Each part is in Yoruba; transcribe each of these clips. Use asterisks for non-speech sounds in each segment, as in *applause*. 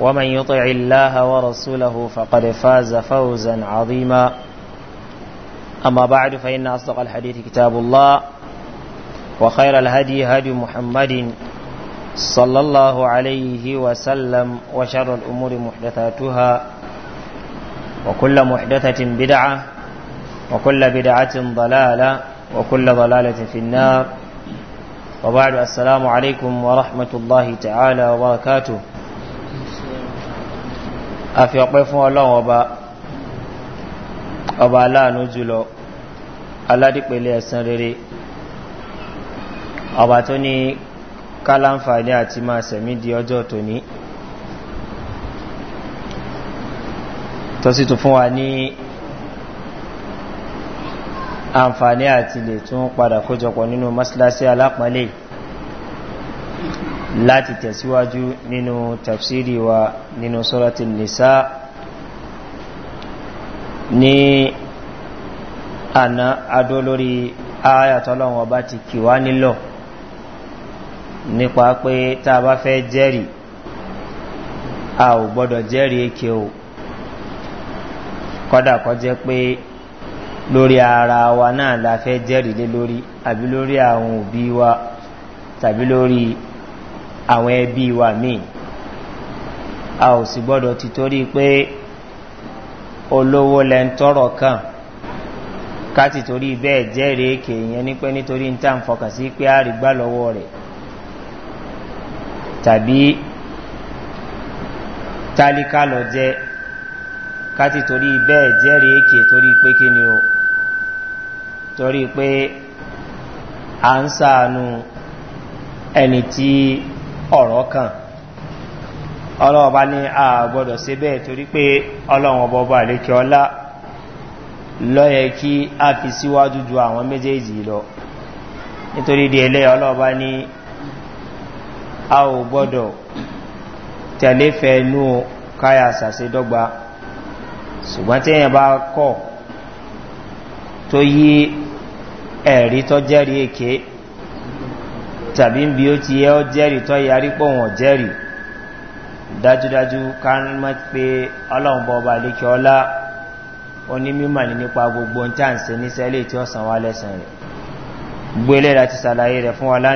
ومن يطع الله ورسوله فقد فاز فوزا عظيما أما بعد فإن أصدق الحديث كتاب الله وخير الهدي هدي محمد صلى الله عليه وسلم وشر الأمور محدثاتها وكل محدثة بدعة وكل بدعة ضلالة وكل ضلالة في النار وبعد السلام عليكم ورحمة الله تعالى وبركاته àfi ọpẹ́ fún ọlọ́run ọba ọba aláàánú jùlọ aládìpele ẹ̀sán rere ọba tó ní kálánfààní àti máa sẹ̀mí di ọjọ́ tòní tó sì tún fún wa ní àǹfààní àti lè tún padà kójọpọ̀ nínú masílásí alápọ̀lẹ́yìí láti tẹ̀síwájú nínú tafsiri wa nínú sọ́rọ̀tì nìsá ní àná adó lórí ayatollah bá ti kìwá nílọ̀ nípa pé tá a bá fẹ́ jẹ́rìí a ò gbọ́dọ̀ jẹ́rìí èké o kọ́dà kọ́ jẹ́ pé lórí ara wa náà la fẹ́ jẹ́rìí lé lórí àbí lórí àwọn òbí wa tàbí lórí àwọn ẹbí wa míì a ò sì gbọ́dọ̀ ti torí pé olówó lẹ ń tọrọ kàn káti torí bẹ́ẹ̀ jẹ́rìí èkè èèyàn ní pé nítorí ń tà ń fọkàn sí pé àrígbá lọ́wọ́ rẹ̀ tàbí tálíkà lọ jẹ́ káti torí bẹ́ẹ̀ jẹ́rìí èkè torí pé kí ni o torí pé à ń sàánú ẹni tí ọ̀rọ̀ kan ọlọ́wọ́ ní a gbọ́dọ̀ sí bẹ́ẹ̀ torí pé ọlọ́wọ́ bọ́bá àlékẹ́ ọlá lọ́yẹ kí a fi síwájú ju àwọn méjèèjì lọ nítorí di ẹlẹ́ ọlọ́wọ́ ní a ò gbọ́dọ̀ tẹ̀lé fẹ́ẹ̀nú káyà sàṣẹ́dọ́gba ṣùgbọ́n tí èèyàn bá kọ̀ tó yí tàbí ń bí ó ti yẹ ọ́ jẹ́rìí tọ́ yarí pọ̀ wọ́n jẹ́rìí dájúdájú ká mọ́ pé ọlọ́run bọ́ ọba lékè ọlá onímọ̀ ní nípa gbogbo ń tàn sí ní sẹ́lẹ̀ tí ó san wá lẹ́sàn rẹ̀ gbélé láti sàlàyé rẹ̀ fún ọlá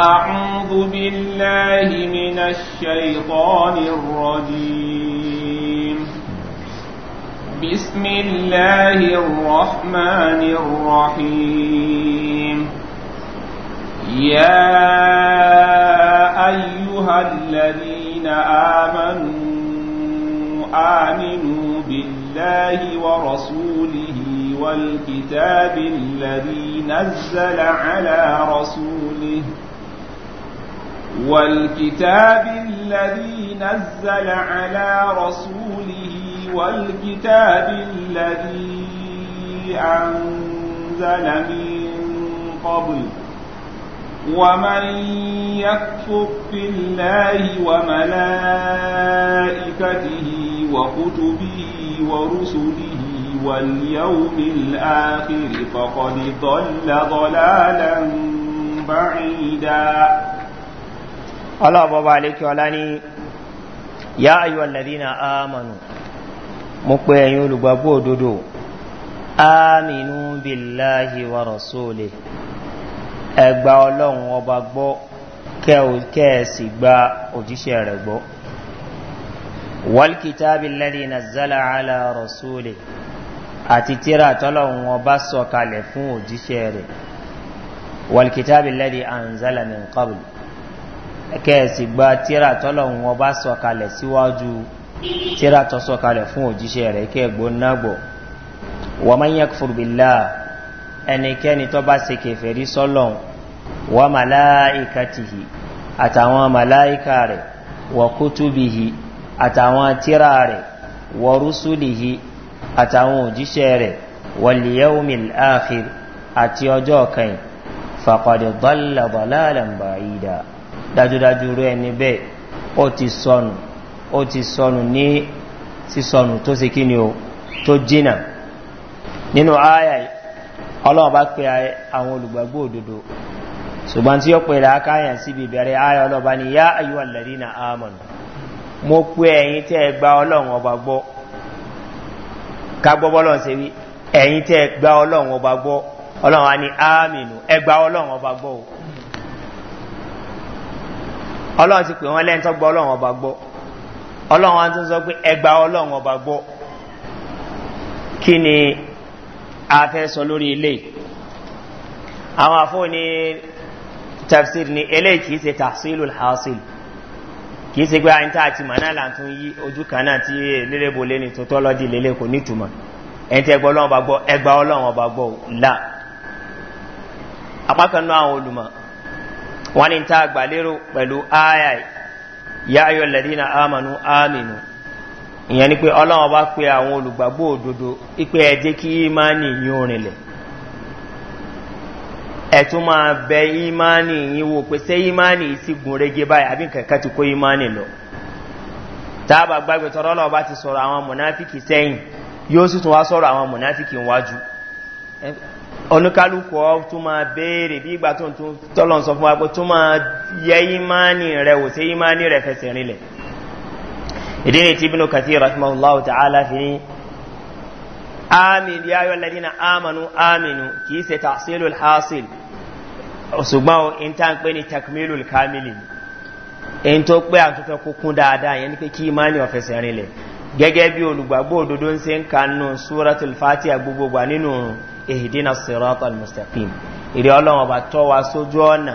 أعوذ بالله من الشيطان الرجيم بسم الله الرحمن الرحيم يا أيها الذين آمنوا آمنوا بالله ورسوله والكتاب الذي نزل على رسوله والكتاب الذي نزل على رسوله والكتاب الذي أنزل من قبل ومن يكفر بالله وملائكته وكتبه ورسله واليوم الآخر فقد ضل ضلالا بعيدا الله بابا عليك ولاني يا أيها الذين آمنوا mo pe ẹ̀yin olùgbàgbọ́ òdodo aminu bilahi wa rasole ẹgba ọlọ́run ọba gbọ́ kẹ́ ẹ sì gba òjíṣẹ́ rẹ̀ gbọ́ wàlkìtàbí lẹ́yìn nàzàlà àlà rasole àti tíra tọ́lọ́run ọba sọ̀kalẹ̀ fún òjíṣẹ́ rẹ̀ wàlkìtàbí lẹ́yìn àǹzàlà mi kọ́bùl kẹ́ ẹ sì gba tíra tọ́lọ́run ọba sọ̀kalẹ̀ síwájú. Si tíra tó sọ kalẹ̀ fún òjíṣẹ́ rẹ̀ kẹ́ gbónágbọ̀ wà máa ń yẹ fúrubìlá ẹnikẹ́ni tó bá se kẹfẹ̀rí sọ́lọ̀n wà màláìka tìhì àtàwọn màláìka rẹ̀ wà kútùbìhì àtàwọn tíra rẹ̀ wà rúsùlìhì àtàwọn òjíṣẹ́ rẹ̀ wà lìyẹ́wùmìl áàfir àti ọjọ́ kan fàkọ̀dẹ̀ bọ́lá bọ́lá làǹbà yìí dá dájúdájú rẹ̀ níbẹ̀ ó ti sọnù ó ti sọnù ní sísọnù tó sì kí ni o tó jìnà nínú ààyè ọlọ́run bá pe àwọn olùgbàgbọ́ òdodo ṣùgbọ́n tí ó pe làákàyàn síbi ìbẹ̀rẹ̀ ààyè ọlọ́run bá ní yá na àmọ̀nù mo tẹ́ gba ọba gbọ́ ọba gbọ́ ọlọ́run wa ti sọ pé ẹgbà ọlọ́run ọba gbọ́ kí ni a fẹ́ sọ lórí ilé àwọn àfọ́ ní tafsir ni ilé kìí ṣe tafsir al-hasil kìí ṣe pé àyíntà àti manala tún yí ojú kan náà tí lélẹ́bò lẹ́ni tó tọ́lọ́dì lélẹ́ kò nítumọ̀ ẹni tí ẹgbà ọlọ́run ọba gbọ́ ẹgbà ọlọ́run ọba gbọ́ là apákan àwọn olùmọ̀ wọn ni ta àgbà lérò pẹ̀lú ayai ya ayọ̀ lẹ́dínà àmànú àmìnú ìyẹn ni pé ọlọ́run bá pe àwọn olùgbàgbọ́ òdodo ipe ẹ̀jẹ̀ kí ìmánì yín orinlẹ̀ ẹ̀tún máa bẹ imani yín wò pé ṣé imani ti gùn rege báyìí àbí kankan ti kó imani lọ táàbà gbàgbé tọrọ bá ti sọ̀rọ̀ àwọn mọ̀náfíkì sẹ́yìn yóò sì tún wá sọ̀rọ̀ àwọn mọ̀náfíkì wájú tún máa béèrè bí ìgbà tó yẹ ìmánì rẹ̀ wò sí ìmánì rẹ̀ fẹsẹ̀ rinlẹ̀ ìdí ni tí ibùnú kàtí rahimahullahu ta'ala fi ní amin ya yọ ladina amanu aminu kì í ṣe tàṣílul hasil ṣùgbọ́n in ta ń pè ní takmilul kamili in tó pé àtúntò kúkún dáadáa yẹn ni pé kí ìmánì ọ̀fẹsẹ̀ rinlẹ̀ gẹ́gẹ́ bí olùgbàgbọ́ òdodo ń se ń kanú suratul fatiha gbogbogbà nínú ehidina siratul mustaqim ìrẹ́ ọlọ́run ọba tọ́ wa sójú ọ̀nà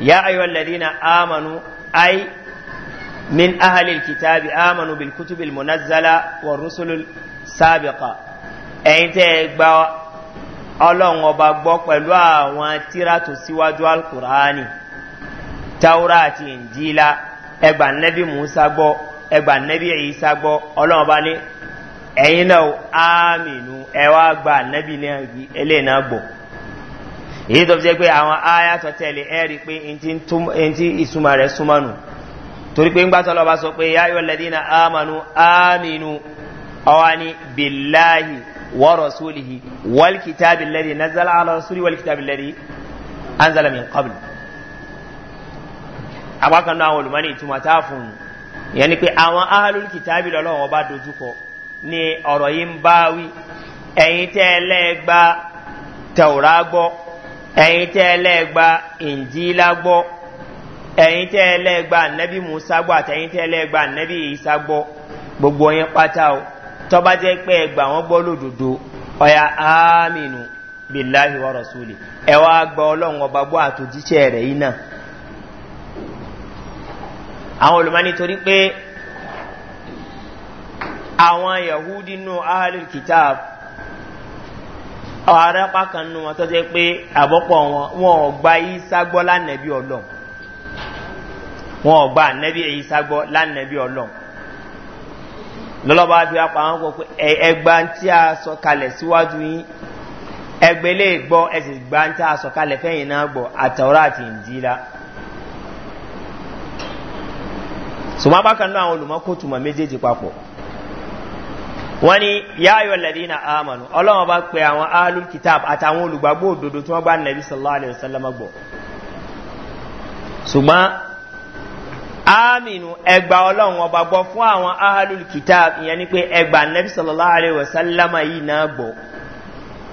ya ayyuhal ladina amanu ai min ahlil kitabi amanu bil kutubil munazzala wa rusulul sabiqa ẹ̀yin tẹ́ gba ọlọ́run ọba gbọ́ pẹ̀lú àwọn tíra tó síwájú alkùránì taura àti injila ẹgbà nẹ́bí musa gbọ́ ẹgbà nẹ́bí isa gbọ́ ọlọ́run ọba ní ẹ̀yin náà aminu ẹwà gba nẹ́bí náà eléyìí náà gbọ́ èyí tó fi jẹ́ pé àwọn ayatọ̀ tẹ̀lé ẹ̀rí pé n tí ìsúnmọ̀ rẹ̀ súnmọ́nù torí pé ń gbàtọ́ lọ́ba sọ pé yáyọ̀ lẹ́dínà ámànú ámìnú ọwá ní bíláhì wọ́rọ̀ súlìhì wọ́lkítàbí lẹ́dí nazala alọ́ ni ọ̀rọ̀ yìí ń báwí ẹ̀yin tẹ́ tẹ̀wòrá gbọ́ ẹ̀yin tẹ́ ẹlẹ́gba ìjìlá gbọ́ ẹ̀yin tẹ́ ẹlẹ́gba nẹ́bí musa gbọ́ àtẹ̀yin tẹ́ ẹlẹ́gba nẹ́bí isa gbọ́ gbogbo yẹn pátá o tọ́ba jẹ́ pé ẹgbà wọ́n gbọ́ lòdòdó ọ̀yà ámìnú bíláhi wọ́n rọ̀súlì ẹ wá gba ọlọ́run ọba gbọ́ àtòjíṣẹ́ rẹ̀ yìí náà àwọn olùmọ́ni torí pé àwọn ahalil àwọn arápá kan wọn tó jẹ́ pé àbọ́pọ̀ wọn wọn ò gba ìsá gbọ́ lánàbí ọlọ́ wọn ò gba ànàbí gbọ́ lánàbí lọ́lọ́ba fi apá wọn kọ pé ẹgbà tí a sọ kalẹ̀ síwájú yín ẹgbẹ́ lè gbọ́ ẹsẹ̀ gbà tí a sọ kalẹ̀ fẹ́yìn náà gbọ́ àtàwọn àti àwọn méjèèjì papọ̀. wọ́n ní yáyọ̀ na àmàlù ọlọ́wọ́n bá pe awon alul kitab àtàwọn olùgbàgbọ́ ododo tí wọ́n bá nàbí sallallahu alayhi wa sallam gbọ́ ṣùgbọ́n aminu ẹgbà ọlọ́run ọba gbo fun awon ahalul kitab ìyẹn ni pé ẹgbà nàbí sallallahu wa sallam yìí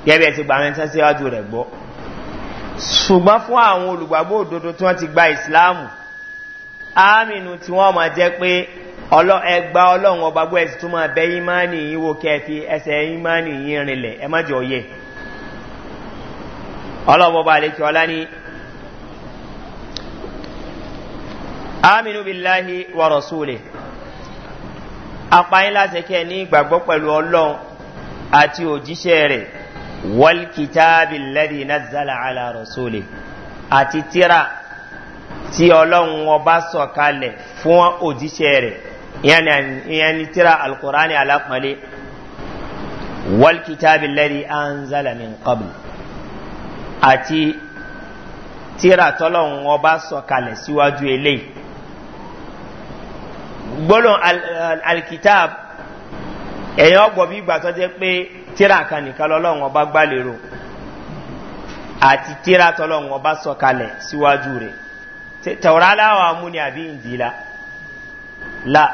gẹ́gẹ́ ti gbà àwọn ẹ̀ńtẹ́ síwájú rẹ̀ gbọ́ ṣùgbọ́n fún àwọn olùgbàgbọ́ òdodo tí wọ́n ti gba ìsìláàmù aminu tí wọ́n máa jẹ́ ẹgbà ọlọ́run ọba gbọ́ ẹ̀sì túnmọ̀ bẹ́ ìmánì yìí wo kẹfì ẹsẹ̀ ìmánì yìí rinlẹ̀ ẹ mọ́jọ yẹ ọlọ́run ọba àlekí ọlá ní aminu bilahi wa rasuli apáyín láti kẹ́ ní ìgbàgbọ́ pẹ̀lú ọlọ́run àti òjíṣẹ́ rẹ̀ wọ́lkítàbí lẹ́dí nazala àti tíra tí ọlọ́run ọba sọ̀kalẹ̀ fún òjíṣẹ́ rẹ̀ ìyẹn ni tíra alukur'ani alápọ̀nlé walkitabi lẹ́rí anzalami nkọ́bù àti tíra tọ́lọ́hún ọba sọ̀kalẹ̀ síwájú eléyìí gbólóhùn alkitab èèyàn ọgbọ̀n bí ìgbà tó jẹ́ pé tíra kan nìkan lọ́lọ́hún ọba gbàlérò àti tíra tọ́lọ́hún ọba sọ̀kalẹ̀ síwájú rẹ̀ tẹ̀wọ́rọ́ aláwọ̀ amúni àbí ìdílá la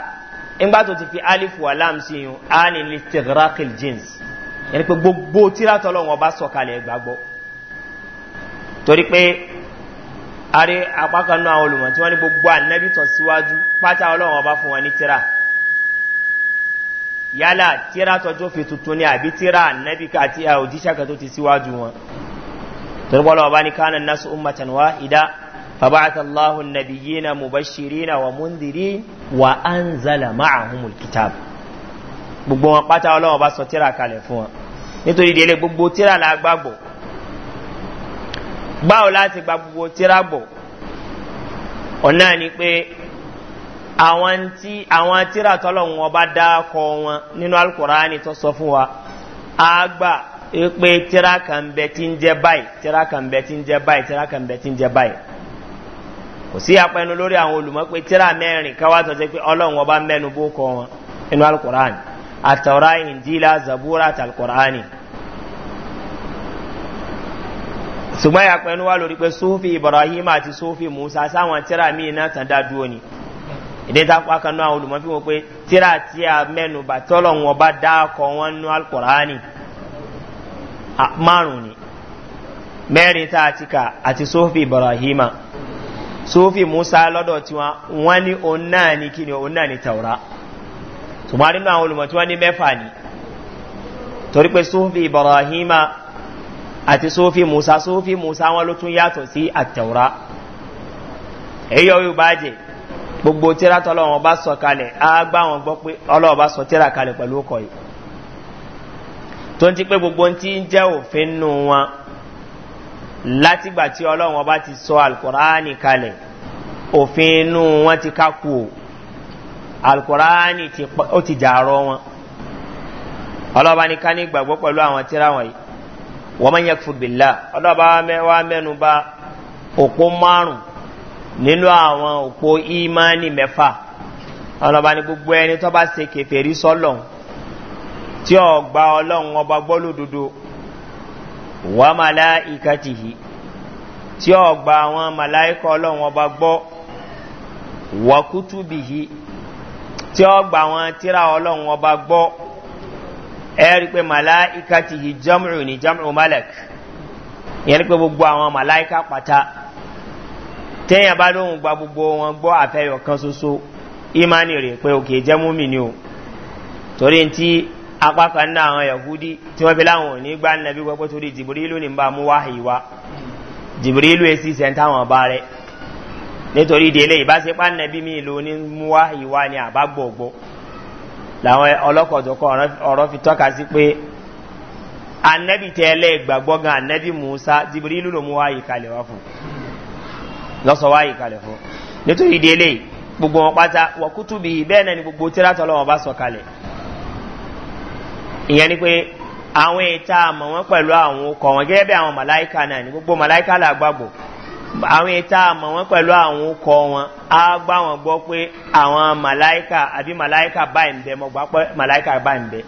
ńgbà tó ti fi alifu alam sí yun a ní litigrakil jeans yẹn pé gbogbo tíratọ́ lọ́wọ́ bá sọ̀kalẹ̀ gbàgbọ́ torí pé ari apákanú àwọn olùmọ̀ tí wọ́n ní gbogbo ànábì tọ̀ síwájú pátá ọlọ́wọ́ bá fún wọn ní tíra yálà tíra tọjọ́ fi tuntun ní àbí tíra ànábì àti òjíṣẹ́ kan tó ti síwájú wọn torí bọ́lá ọba ní kánà nasu ummatan wa ìdá فبعث الله النبيين مبشرين ومنذرين وأنزل معهم الكتاب gbogbo wọn pátá ọlọ́wọ́ bá sọ tíra kalẹ̀ fún wọn nítorí ìdílé gbogbo tíra la gbàgbọ́ báwo láti gba gbogbo tíra gbọ́ ọ̀nà ni pé àwọn tíra tọ́lọ́wọ́n wọn bá dákọ̀ wọn nínú alukóraani tó sọ fún wa á gbà pé tíra kan bẹ ti ń jẹ báyìí tíra kan bẹ ti ń jẹ báyìí tíra kan bẹ ti ń jẹ báyìí kò sí apẹnu lórí àwọn olùmọ pé tíra mẹrin káwá tó ṣe pé ọlọrun ọba mẹnu bó kọ wọn inú alukoran àtọrọ ìdílà zabura àti alukorani. ṣùgbọ́n ìyàpẹnu wà lórí pé sófì ibrahim àti sófì musa sáwọn tíra míì náà tàn dá dúró ni ìdí tá àwọn olùmọ fi wọn pé tíra tí a mẹnu bá tọ́lọ̀ wọn dá kọ wọn nínú alukorani márùn ni mẹrin tá a ti kà àti sófì ibrahim sufi musa lọ́dọ̀ tí wọ́n ní òun náà ní kí ni òun náà ní taura ṣùgbọ́n nínú àwọn olùmọ̀ tí wọ́n ní mẹ́fà ní torí pé sufi ibrahima àti sufi musa sufi musa wọn ló tún yàtọ̀ sí àtẹ̀wọ́ra èyí ọ̀yọ́ bá jẹ gbogbo tíra tọ́lọ́ wọn bá sọ kalẹ̀ á gbá wọn gbọ́ pé ọlọ́wọ́ bá sọ tíra kalẹ̀ pẹ̀lú ọkọ̀ yìí tó ń ti pé gbogbo ń ti ń jẹ́ òfin nù wọn látìgbà tí ọlọ́run ọba ti sọ alukur'ani kalẹ̀ òfin inú wọn ti kákú o alukur'ani ó ti dàrọ wọn ọlọ́ba ní ká ní gbàgbọ́ pẹ̀lú àwọn tíra wọ̀nyí wọ́n máa ń yẹ fúbìlà ọlọ́ba wa mẹ́nu ba òpó márùn nínú àwọn òpó ìmánì mẹ́fà ọlọ́ba ní gbogbo ẹni tó bá se kẹfẹ́ rí sọ́lọ̀ tí ọgbà ọlọ́run ọba gbọ́ lódodo wa malaikatihi tí ó gba àwọn malaika ọlọ́run ọba gbọ́ wa kutubihi tí ó gba àwọn tíra ọlọ́run ọba gbọ́ ẹ̀rí pé malaikatihi jam'u ni jam'u malak ìyẹn pé gbogbo àwọn malaika pata téèyàn bá lóhun gba gbogbo wọn gbọ́ àfẹ́yọ̀ kan ṣoṣo imani rè pé òkè jẹ́ múmi ni o torí ti apákan nínú àwọn yahudi tí wọ́n fi láwọn ò ní gbá nàbí gbọ́gbọ́ torí jìbìrìlù ní bá mú wáhìí wá jìbìrìlù èsì sẹ́ńtáwọn bá rẹ̀ nítorí délé ìbáṣepá nàbí mi ló ní mú wáhìí wá ní àbágbọ̀gbọ́ làwọn ọlọ́kọ̀ọ́dọ́kọ̀ ọ̀rọ̀ fi tọ́ka anabi tẹ́lẹ̀ gbàgbọ́ gan anabi musa jìbìrìlù ló mú wáhìí kalẹ̀ wá fún lọ́sọ̀ wáyé kalẹ̀ fún nítorí délé ni gbogbo tíratọ́ lọ́wọ́ ìyẹn ni pé àwọn èta àmọ̀ wọn pẹ̀lú àwọn okọ̀ wọn gẹ́gẹ́ bí àwọn màláìka náà ní gbogbo màláìka là gbàgbọ́ àwọn èta àmọ̀ wọn pẹ̀lú àwọn okọ̀ wọn á gbá wọn gbọ́ pé àwọn màláìka àbí màláìka báyìí ń bẹ mọ̀ gbà pé màláìka báyìí ń bẹ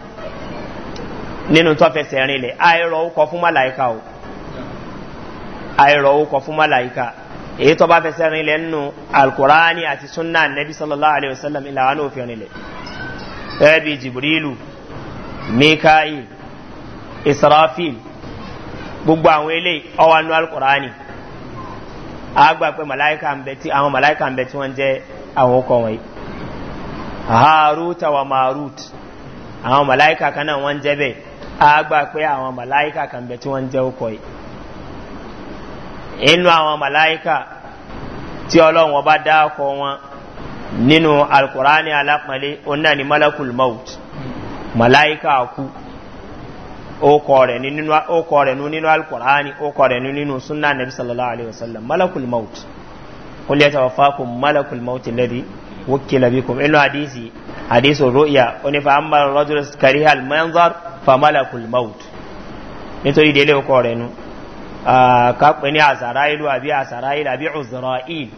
nínú tó fẹsẹ̀ rinlẹ̀ àìrọ̀ okọ̀ fún màláìka o àìrọ̀ okọ̀ fún màláìka èyí tó bá fẹsẹ̀ rinlẹ̀ nínú alukurani àti sunna nabi sallallahu alayhi wa sallam ìlànà òfin rinlẹ̀ ẹ̀ bí jibrilu mikail israfil gbogbo àwọn eléyìí ọwọ́ anú alukurani agba pé malaika ń bẹ àwọn malaika ń bẹ tí wọ́n jẹ́ àwọn ọkọ̀ wọ̀nyí harut wa marut àwọn malaika kan náà wọ́n jẹ́ bẹ́ẹ̀ agba pé àwọn malaika kan bẹ tí wọ́n jẹ́ ọkọ̀ yìí inú àwọn malaika tí ọlọ́run ọba dá ọkọ̀ wọn nínú alukurani alápọ̀lẹ́ onáni malakul maut màláìka kú ókọ rẹ̀ nú nínú alkùránì ókọ rẹ̀ nú nínú súnà nàbí sallallahu alaihi wasallam malakul maut kúlẹ̀ ta wàfà kún malakul maut lẹ́bi wukila bi kum inu hadisi hadisi ru'ya oni fa amma rajul kariha al manzar fa malakul maut nítorí délé ókọ rẹ̀ nú kápẹ́ ní àsàráìlú àbí àsàráìlú àbí ọ̀zọ̀rọ̀ ìl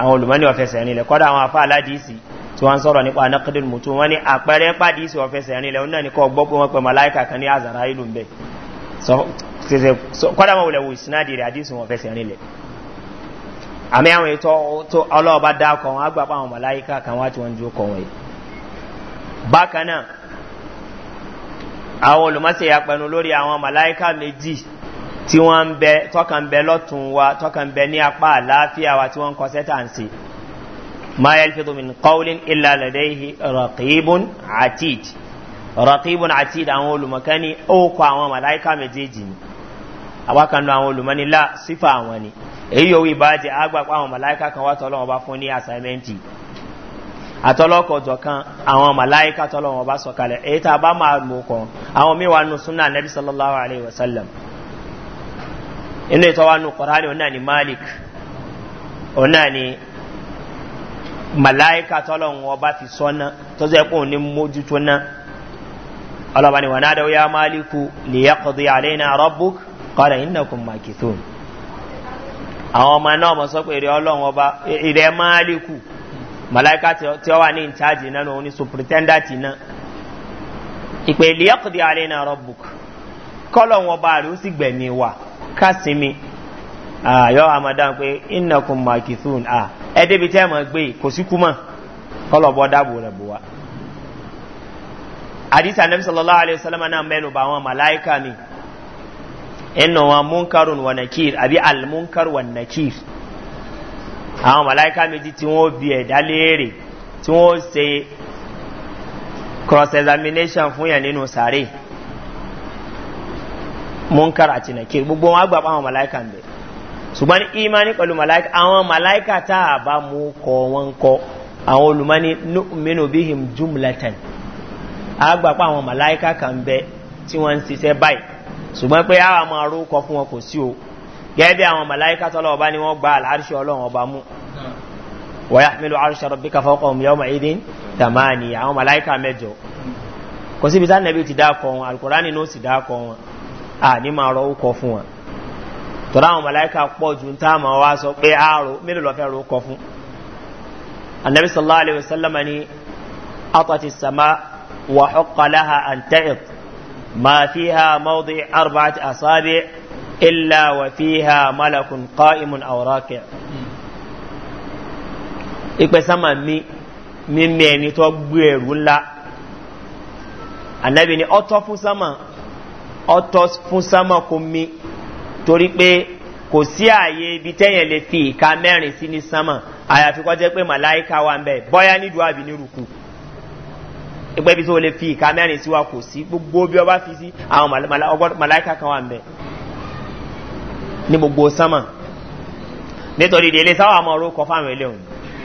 àwọn olùmọ́ni ọ̀fẹ́sẹ̀ nílẹ̀ kọ́dá àwọn afá aládìsí tí wọ́n sọ̀rọ̀ nípa nakadil mutu wọ́n ni àpẹẹrẹ pàdé ìsìn ọ̀fẹsẹ̀ rìn lẹ́wọ̀n náà ní kọ́ gbọ́ pé wọ́n pẹ̀ màláìkà kan ní àzàrà ìlú ń bẹ̀ kọ́dà wọn wùlẹ̀ wò ìsinádìí rẹ̀ àdìsìn ọ̀fẹsẹ̀ rìn lẹ̀ àmì àwọn ètò tó ọlọ́ọ̀bá dákọ̀ wọn àgbà pàwọn màláìkà kan wá tí wọ́n ju kọ̀ wọn yìí bákan náà àwọn olùmọ̀sẹ̀ yapẹnu lórí àwọn màláìkà méjì ń bẹ tọ́kàn lọ́tún wa tọ́kàn ní apá àlàáfíà wa tí wọ́n kọ́ sẹ́tà ما يلفظ من قول إلا لديه رقيب عتيد رقيب عتيد أقول مكاني أو ókọ àwọn màláìka méjèèjì ni àwákanu àwọn olùmọ̀ni lá sífà àwọn ni èyí yòówù ìbájẹ́ àgbàpá àwọn màláìka kan wá tọ́lọ́wọ́ bá fún ní àsáímẹ́ǹtì àtọ́lọ́kọ̀jọ̀ kan àwọn màláìka tọ́lọ́wọ́ bá sọ̀kalẹ̀ èyí tá a bá máa lò kọ́ àwọn míwàá nù súnà nẹ́bí sallallahu alayhi wa sallam inú ìtọ́wá nù kọ́ránì ọ̀nà ni malik ọ̀nà ni màláìka tọ́lọ̀hún ọba ti sọ́nà tọ́jọ́ ẹ̀kọ́ ní mójútó náà ọlọ́ba ni wà náà dáwọ́ ya máàlíkù lè yẹ kọ́dọ̀ yà lẹ́yìn náà rọ́bùk kọ́dọ̀ yìí náà àwọn ọmọ náà mọ̀ sọ pé èrè ọlọ́run ọba èrè máàlíkù màláìka tí ó wà ní náà ẹdẹ́bi tẹ́ mọ̀ gbé kò sí kúmọ̀ kọlọ̀bọ̀ dáàbò rẹ̀ bò wá. àdìsá nàbí sọlọ́lá alẹ́sọ́lọ́mà náà mẹ́nu bá wọn màláìka ni ẹnu wọn munkarun wa nakir àbí almunkar wa nakir àwọn màláìka méjì tí wọ́n bi ẹ̀dá léèrè tí wọ́n ṣe cross examination fún yẹn nínú sàárè munkar àti nakir gbogbo wọn àgbà pa àwọn màláìka ń ṣùgbọ́n imani pẹ̀lú malaika àwọn malaika tá a bá mú kọ wọn kọ àwọn olùmọ́ni mínú bí him jumlatan agbapá àwọn malaika kan bẹ tí wọ́n ń ṣiṣẹ́ báyìí ṣùgbọ́n pé àwọn máa ró kọ fún wọn kò sí o gẹ́gẹ́ bí àwọn malaika tọ́lọ́ ọba ni wọ́n gba àlàáṣẹ ọlọ́run ọba mú wọ́yá mílò àrùsọ rọ̀bí tọ́lá àwọn mọ̀láìkà pọ̀ ju tá ma wá sọ pé àárò mélòó lọ́fẹ́ ro kọ fún anabi sallallahu alayhi wa sallam ni atati sama wa xuqalaha antahit ma fiha mawdi arbacati asaabi illa wa fiha malakun qa'imun awraqi ipe sama mi mi mẹ́ni tó gbé ẹ̀rù ńlá anabi ni ọtọ fún sama ọtọ fún sama kò mi torí pé kò sí ààyè ibi tẹ́yẹ̀ lè fi ìka mẹ́rin sí ní sánmà àyàfi kọ́ jẹ́ pé màláìka wà ń bẹ̀ bọ́yá nídùú àbí nírùkù ìpẹ́ ibi tó lè fi ìka mẹ́rin sí wa kò sí gbogbo bí ọba fi sí àwọn màláìka kan wà ń bẹ̀ ní gbogbo sánmà nítorí ìdílé sáwà àmọ́ orúkọ fáwọn ilé òun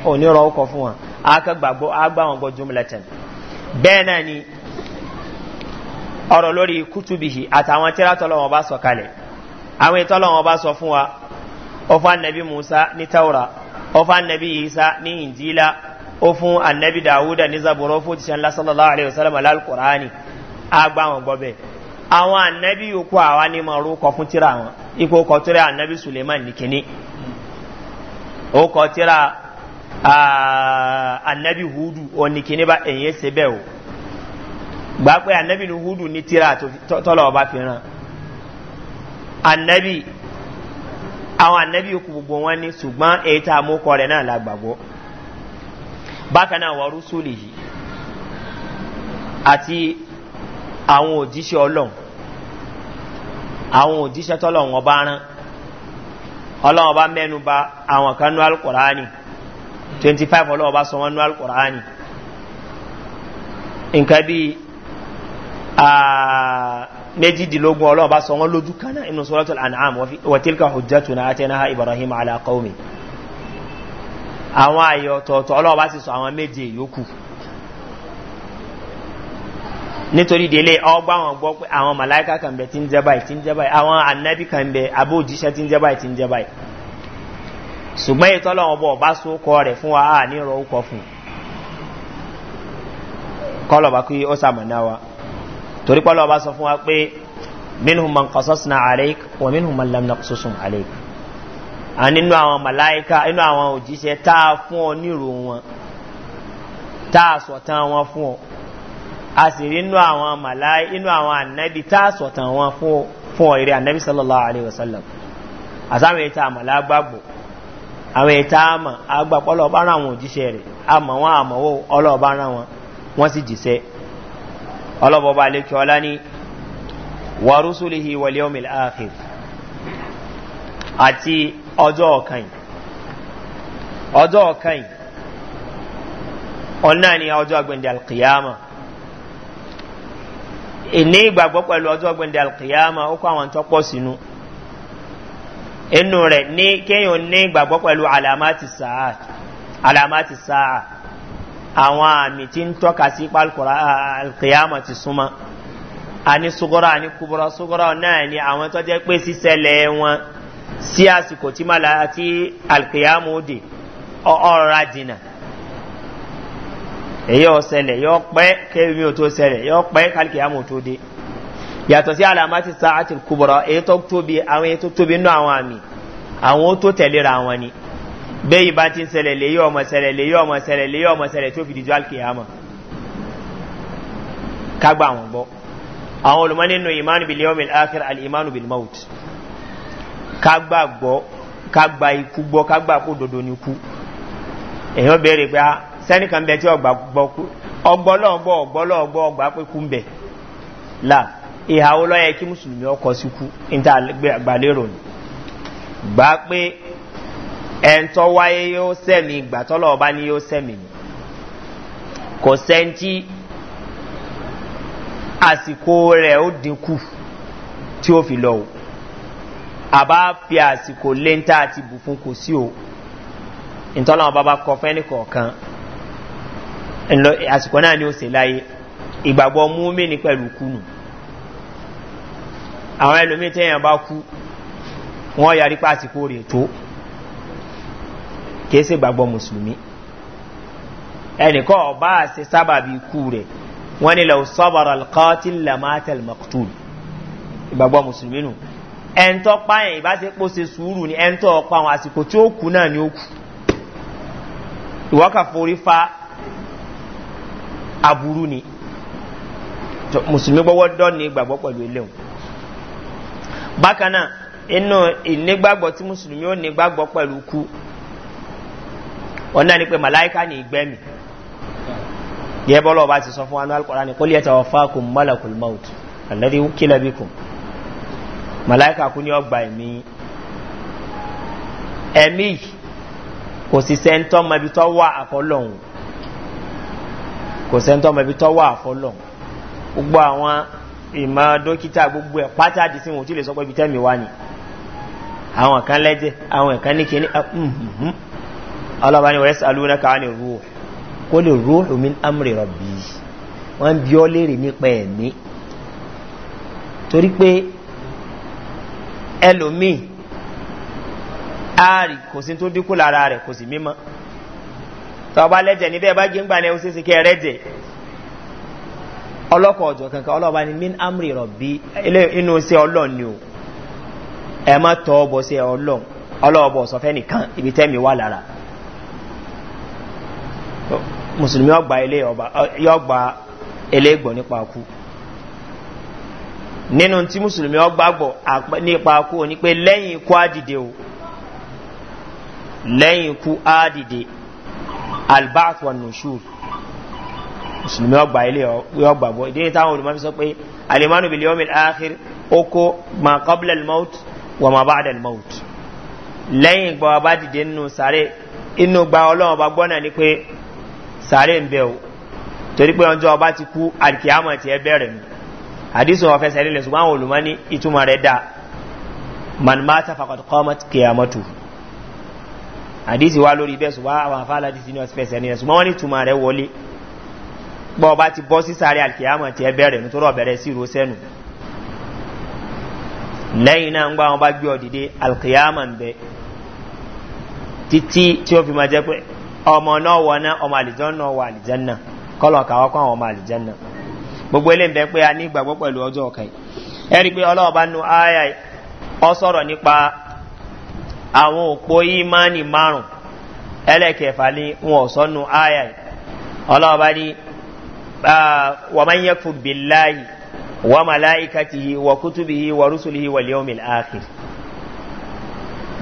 ò ní rọ ọkọ̀ fún wọn akẹgbàgbọ́ agbáwọn gbọ́ jùmlẹ̀tẹ̀n bẹ́ẹ̀ náà ni ọ̀rọ̀ lórí kútùbìhì àtàwọn tíratọ́lọ́wọ́n bá sọ̀kalẹ̀ àwọn ìtọ́lọ́wọ́n bá sọ fún wa ọfọ anabi musa ní taura ọfọ anabi isa ní injila ó fún anabi dawuda ní zaburo fún ti sanla sallallahu alaihi wasallam sallam alalkurani àgbà wọn gbọ́ bẹ́ẹ̀ àwọn anabi yòókù àwa ni mo rúkọ fún tíra wọn ipò kọtíra anabi suleiman nìkíní ó kọtíra anabi hudu oníkíní bá èyí ṣe bẹ́ẹ̀ o gbà pé anabi hudu ní tíra tọ́lọ̀ ọba fi ràn anabi àwọn anabi yòókù gbogbo wọn ni ṣùgbọ́n èyí tá a mú kọ rẹ̀ náà la gbàgbọ́ bákan náà wọ́n rúṣùlì yìí àti àwọn òjíṣẹ́ ọlọ́run àwọn òjíṣẹ́ tọ́lọ́run ọba rán ọlọ́run ọba mẹ́nu ba àwọn kan nú alukọ̀rání twenty five ọlọ́run ọba sọ wọn nú alukọ̀rání nǹkan bíi méjìdínlógún ọlọ́run bá sọ wọn lójú kan náà inú sọ́lọ́tọ̀ anam wàtílkà hujjatuna àtẹnáhà ibrahim alákọ́wmi àwọn àyè ọ̀tọ̀ọ̀tọ̀ ọlọ́run bá sì sọ àwọn méje yòókù nítorí délé ọgbà wọn gbọ́ pé àwọn màláìka kan bẹ torí pálọ ọba sọ fún wa pé minhum man wa minhum man naqsusum a nínú àwọn màláìka nínú àwọn òjíṣẹ́ taa fún ọ nírò wọn taa sọ̀tàn wọn fún ọ a sì rí àwọn àwọn anabi taa wọn fún ọ sallallahu alayhi wa sallam àsáwọn èyí taa a màlá àwọn èyí a ọlọ́bọba lẹ́kẹ́ ọlá ní wàrúsùlìhì wàlẹ́ omil áàfin àti ọjọ́ ọ̀kan ọjọ́ ọ̀kan ọ̀nà ni ọjọ́ ọgbẹ̀ndẹ̀ alkiyama ìní ìgbàgbọ́ pẹ̀lú ọjọ́ ọgbẹ̀ndẹ̀ alkiyama ó kọ́ àwọn tọ́pọ̀ sínú inú rẹ̀ ní kéèyàn ní ìgbàgbọ́ pẹ̀lú alamati sáà àwọn àmì tí ń tọ́ka sí alkiyama ti súnmọ́ àní sugọ́rọ́ àní kúbọ́rọ́ sugọ́rọ́ náà ni àwọn tó jẹ́ pé sísẹlẹ̀ wọn sí àsìkò tí màlá àti alkiyama ó dé ọ̀ọ́ra dìnnà èyí ọ̀sẹlẹ̀ yọ pẹ́ kéwì ò tó sẹlẹ̀ yọ pẹ́ kálkiyama ò tó dé yàtọ̀ sí àlàmà ti sa àti kúbọ́rọ́ èyí tó tóbi àwọn èyí tó tóbi nínú àwọn àmì àwọn ó tó tẹ̀léra wọn ni bẹ́ẹ̀ ìbá ti ń sẹlẹ̀ lè yọ ọmọ sẹlẹ̀ lè yọ ọmọ sẹlẹ̀ lè yọ ọmọ sẹlẹ̀ tí ó fi dìjọ́ alkiyama kágbà àwọn gbọ́ àwọn olùmọ́ nínú ìmánu bìlẹ̀ ọmọ ìlàkìr alìmánu bìlẹ̀ mọ́ut kágbà gbọ́ kágbà ikú gbọ́ kágbà kó dodo ní kú èèyàn bẹ̀rẹ̀ pé ah, sẹ́ni kan bẹ tí ọgbà gbọ́ kú ọgbọ́lọ́gbọ́ ọgbọ́lọ́gbọ́ ọgbà pé kú ń là ìhà olóyè kí mùsùlùmí ọkọ̀ sí kú ní ẹ̀ńtọ́ wáyé yóò sẹ̀mí ìgbà tọ́lọ̀ ọba ni yóò sẹ̀mí ni kò sẹ́ńtì àsìkò rẹ̀ ó dínkù tí ó fi lọ o àbá fi àsìkò léńtà àti bùfún kò sí o ìtọ́lọ̀ ọba bá kọ fẹ́ni kọ̀ọ̀kan àsìkò náà ni ó sè láyé ìgbàgbọ́ múmi ní pẹ̀lú kùnù àwọn ẹlòmíì tẹ́yìn bá kú wọ́n yarí pàsìkò rẹ̀ tó kìí ṣe gbàgbọ́ mùsùlùmí ẹnìkan ọba àṣẹ sábàbí ikú rẹ̀ wọ́n ni lọ́wọ́ sọ́bọ̀rọ̀ alkọ́tí lamatel maktul ìgbàgbọ́ mùsùlùmí nù ẹ̀ńtọ́ páyàn ìbáṣepọ̀ ṣe sùúrù ni ẹ̀ńtọ́ ọ̀pá àwọn àsìkò tí ó kú náà ni ó kù ìwọ́kà forí fa aburú ni mùsùlùmí gbọ́wọ́ dọ́ni ìgbàgbọ́ pẹ̀lú eléhùn bákan náà inú ìnígbàgbọ́ tí mùsùlùmí ó nígbàgbọ́ pẹ̀lú kú wọn náà ni pé màláìka ní ìgbẹ́mì yẹ bọ́lọ̀ bá ti sọ fún anú alkọ̀ọ́lá ni kó lè tàwọn fákùn malakul mouth alẹ́rí kílẹ̀ bí kùn màláìka kú ní ọgbà ẹ̀mí ẹ̀mí kò sí sẹ́ńtọ́ mọbi tọ́ wà àfọlọ́hùn kò sẹ́ńtọ́ mọbi tọ́ wà àfọlọ́hùn gbogbo àwọn ìmọ̀ dókítà gbogbo ẹ̀ pátá sí wọn tí lè sọ pé ibi tẹ́mi wá ni àwọn kan lẹ́jẹ̀ àwọn kan ní kíní ah, hmm, hmm, hmm. Allah bá wọ́n yẹ́sà lónà ruo ní kó lè rúù mi amúrè rọ̀bì wọ́n bí ọ́ léèrè nípa ẹ̀mí torí pé ẹlòmíì ààrì kò sí tó dínkù lára rẹ̀ kò sí mímọ́ tọba lẹ́jẹ̀ níbẹ̀ bá gbẹ̀ngbà ní ẹ̀húnsí síkẹ́ rẹ́jẹ̀ ọlọ́kọ̀ sí mùsùlùmí ọgbà ilé ọba yọgbà eléègbọ nípa kú nínú tí mùsùlùmí ọgbà gbọ nípa kú ni pé lẹ́yìn ikú àdìde o lẹ́yìn ikú àdìde albert wa nushur mùsùlùmí ọgbà ilé ọgbà gbọ ìdí táwọn olùmọ́ fi sọ pé alimanu bil yomil akhir oko ma qabla almaut wa ma ba'da almaut lẹ́yìn ìgbà wa bá dìde nínú sáré inú gba ọlọ́run ọba gbọ́nà ni pé sàárè ń bẹ o torí pé ọjọ́ ọba ti kú àdìkíyàmọ̀ tí ẹ bẹ̀rẹ̀ mi àdìsùn ọ̀fẹ́ sẹ́lẹ̀ lẹ̀ ṣùgbọ́n àwọn olùmọ́ ní ìtumọ̀ rẹ̀ dáa manmata fakọ̀tọ̀kọ́mọ̀ kíyàmọ̀tù àdìsì wá lórí bẹ́ẹ̀ ṣùgbọ́n àwọn afáàlá ti sinú ọ̀sẹ̀ sẹ́ni rẹ̀ ṣùgbọ́n wọ́n ní ìtumọ̀ rẹ̀ wọlé pọ̀ ọba títí tí ó fi máa jẹ́ pé ọmọ náà wọ náà ọmọ àlìjọ́ náà wọ àlìjẹ́ náà kọ́lọ̀ kàwọ́ ọmọ náà gbogbo ilé ń bẹ pé a ní ìgbàgbọ́ pẹ̀lú ọjọ́ ẹ̀rí pé ọlọ́ọ̀bá nu ọ sọ̀rọ̀ nípa àwọn òpó ìmánì márùn ẹlẹ́kẹ̀ẹ́fà ni wọn ò sọ́nu aya ọlọ́ọ̀bá ní wọ́n máa ń wọ́n máa wọ́n wọ́n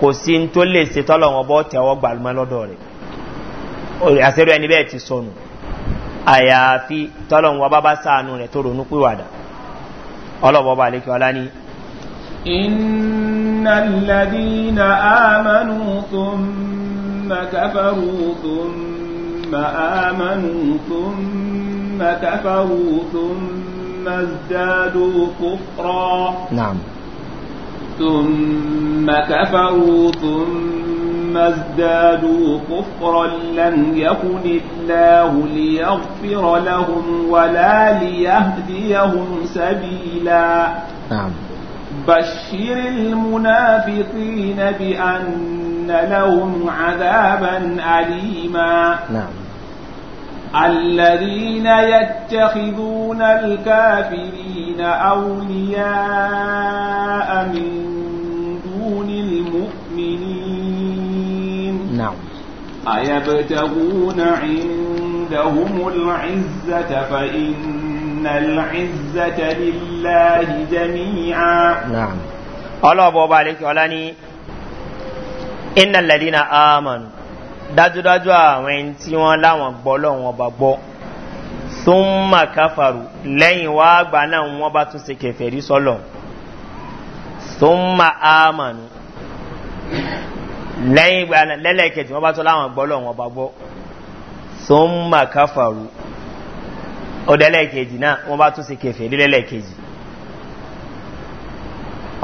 kò sí tó lè ṣe tọ́lọ̀ wọn bọ́ tẹ̀wọ́ gbàlùmọ́ lọ́dọ̀ rẹ̀ àṣírí ẹni bẹ́ẹ̀ ti sọnù àyàfi tọ́lọ̀ bá bá sàánú rẹ̀ tó ronú pìwàdà ọlọ́wọ́ bá lè kí ọlá ní. إن الذين آمنوا ثم كفروا ثم آمنوا ثم كفروا ثم ازدادوا كفرا نعم ثم كفروا ثم ازدادوا كفرا لم يكن الله ليغفر لهم ولا ليهديهم سبيلا نعم بشر المنافقين بأن لهم عذابا أليما نعم الذين يتخذون الكافرين أولياء من دون المؤمنين نعم أيبتغون عندهم العزة فإن العزة لله جميعا نعم الله أبو عليك ولاني إن الذين آمنوا dájúdájú àwọn ẹni tí wọ́n láwọn gbọ́ lọ́wọ́n ọba gbọ́ tó ń mà káfàrú lẹ́yìn wá gbà náà wọ́n bá tún ṣe kẹfẹ́ rí sọ́lọ̀ tó ń mà ámànú lẹ́yìn gbà náà lẹ́lẹ́kẹ̀tì wọ́n bá tún láwọn gbọ́ lọ́wọ́n ọba gbọ́ tó káfàrú ọdẹ́lẹ́kẹ̀jì náà wọ́n bá tún ṣe kẹfẹ́ rí lẹ́lẹ́kẹ̀jì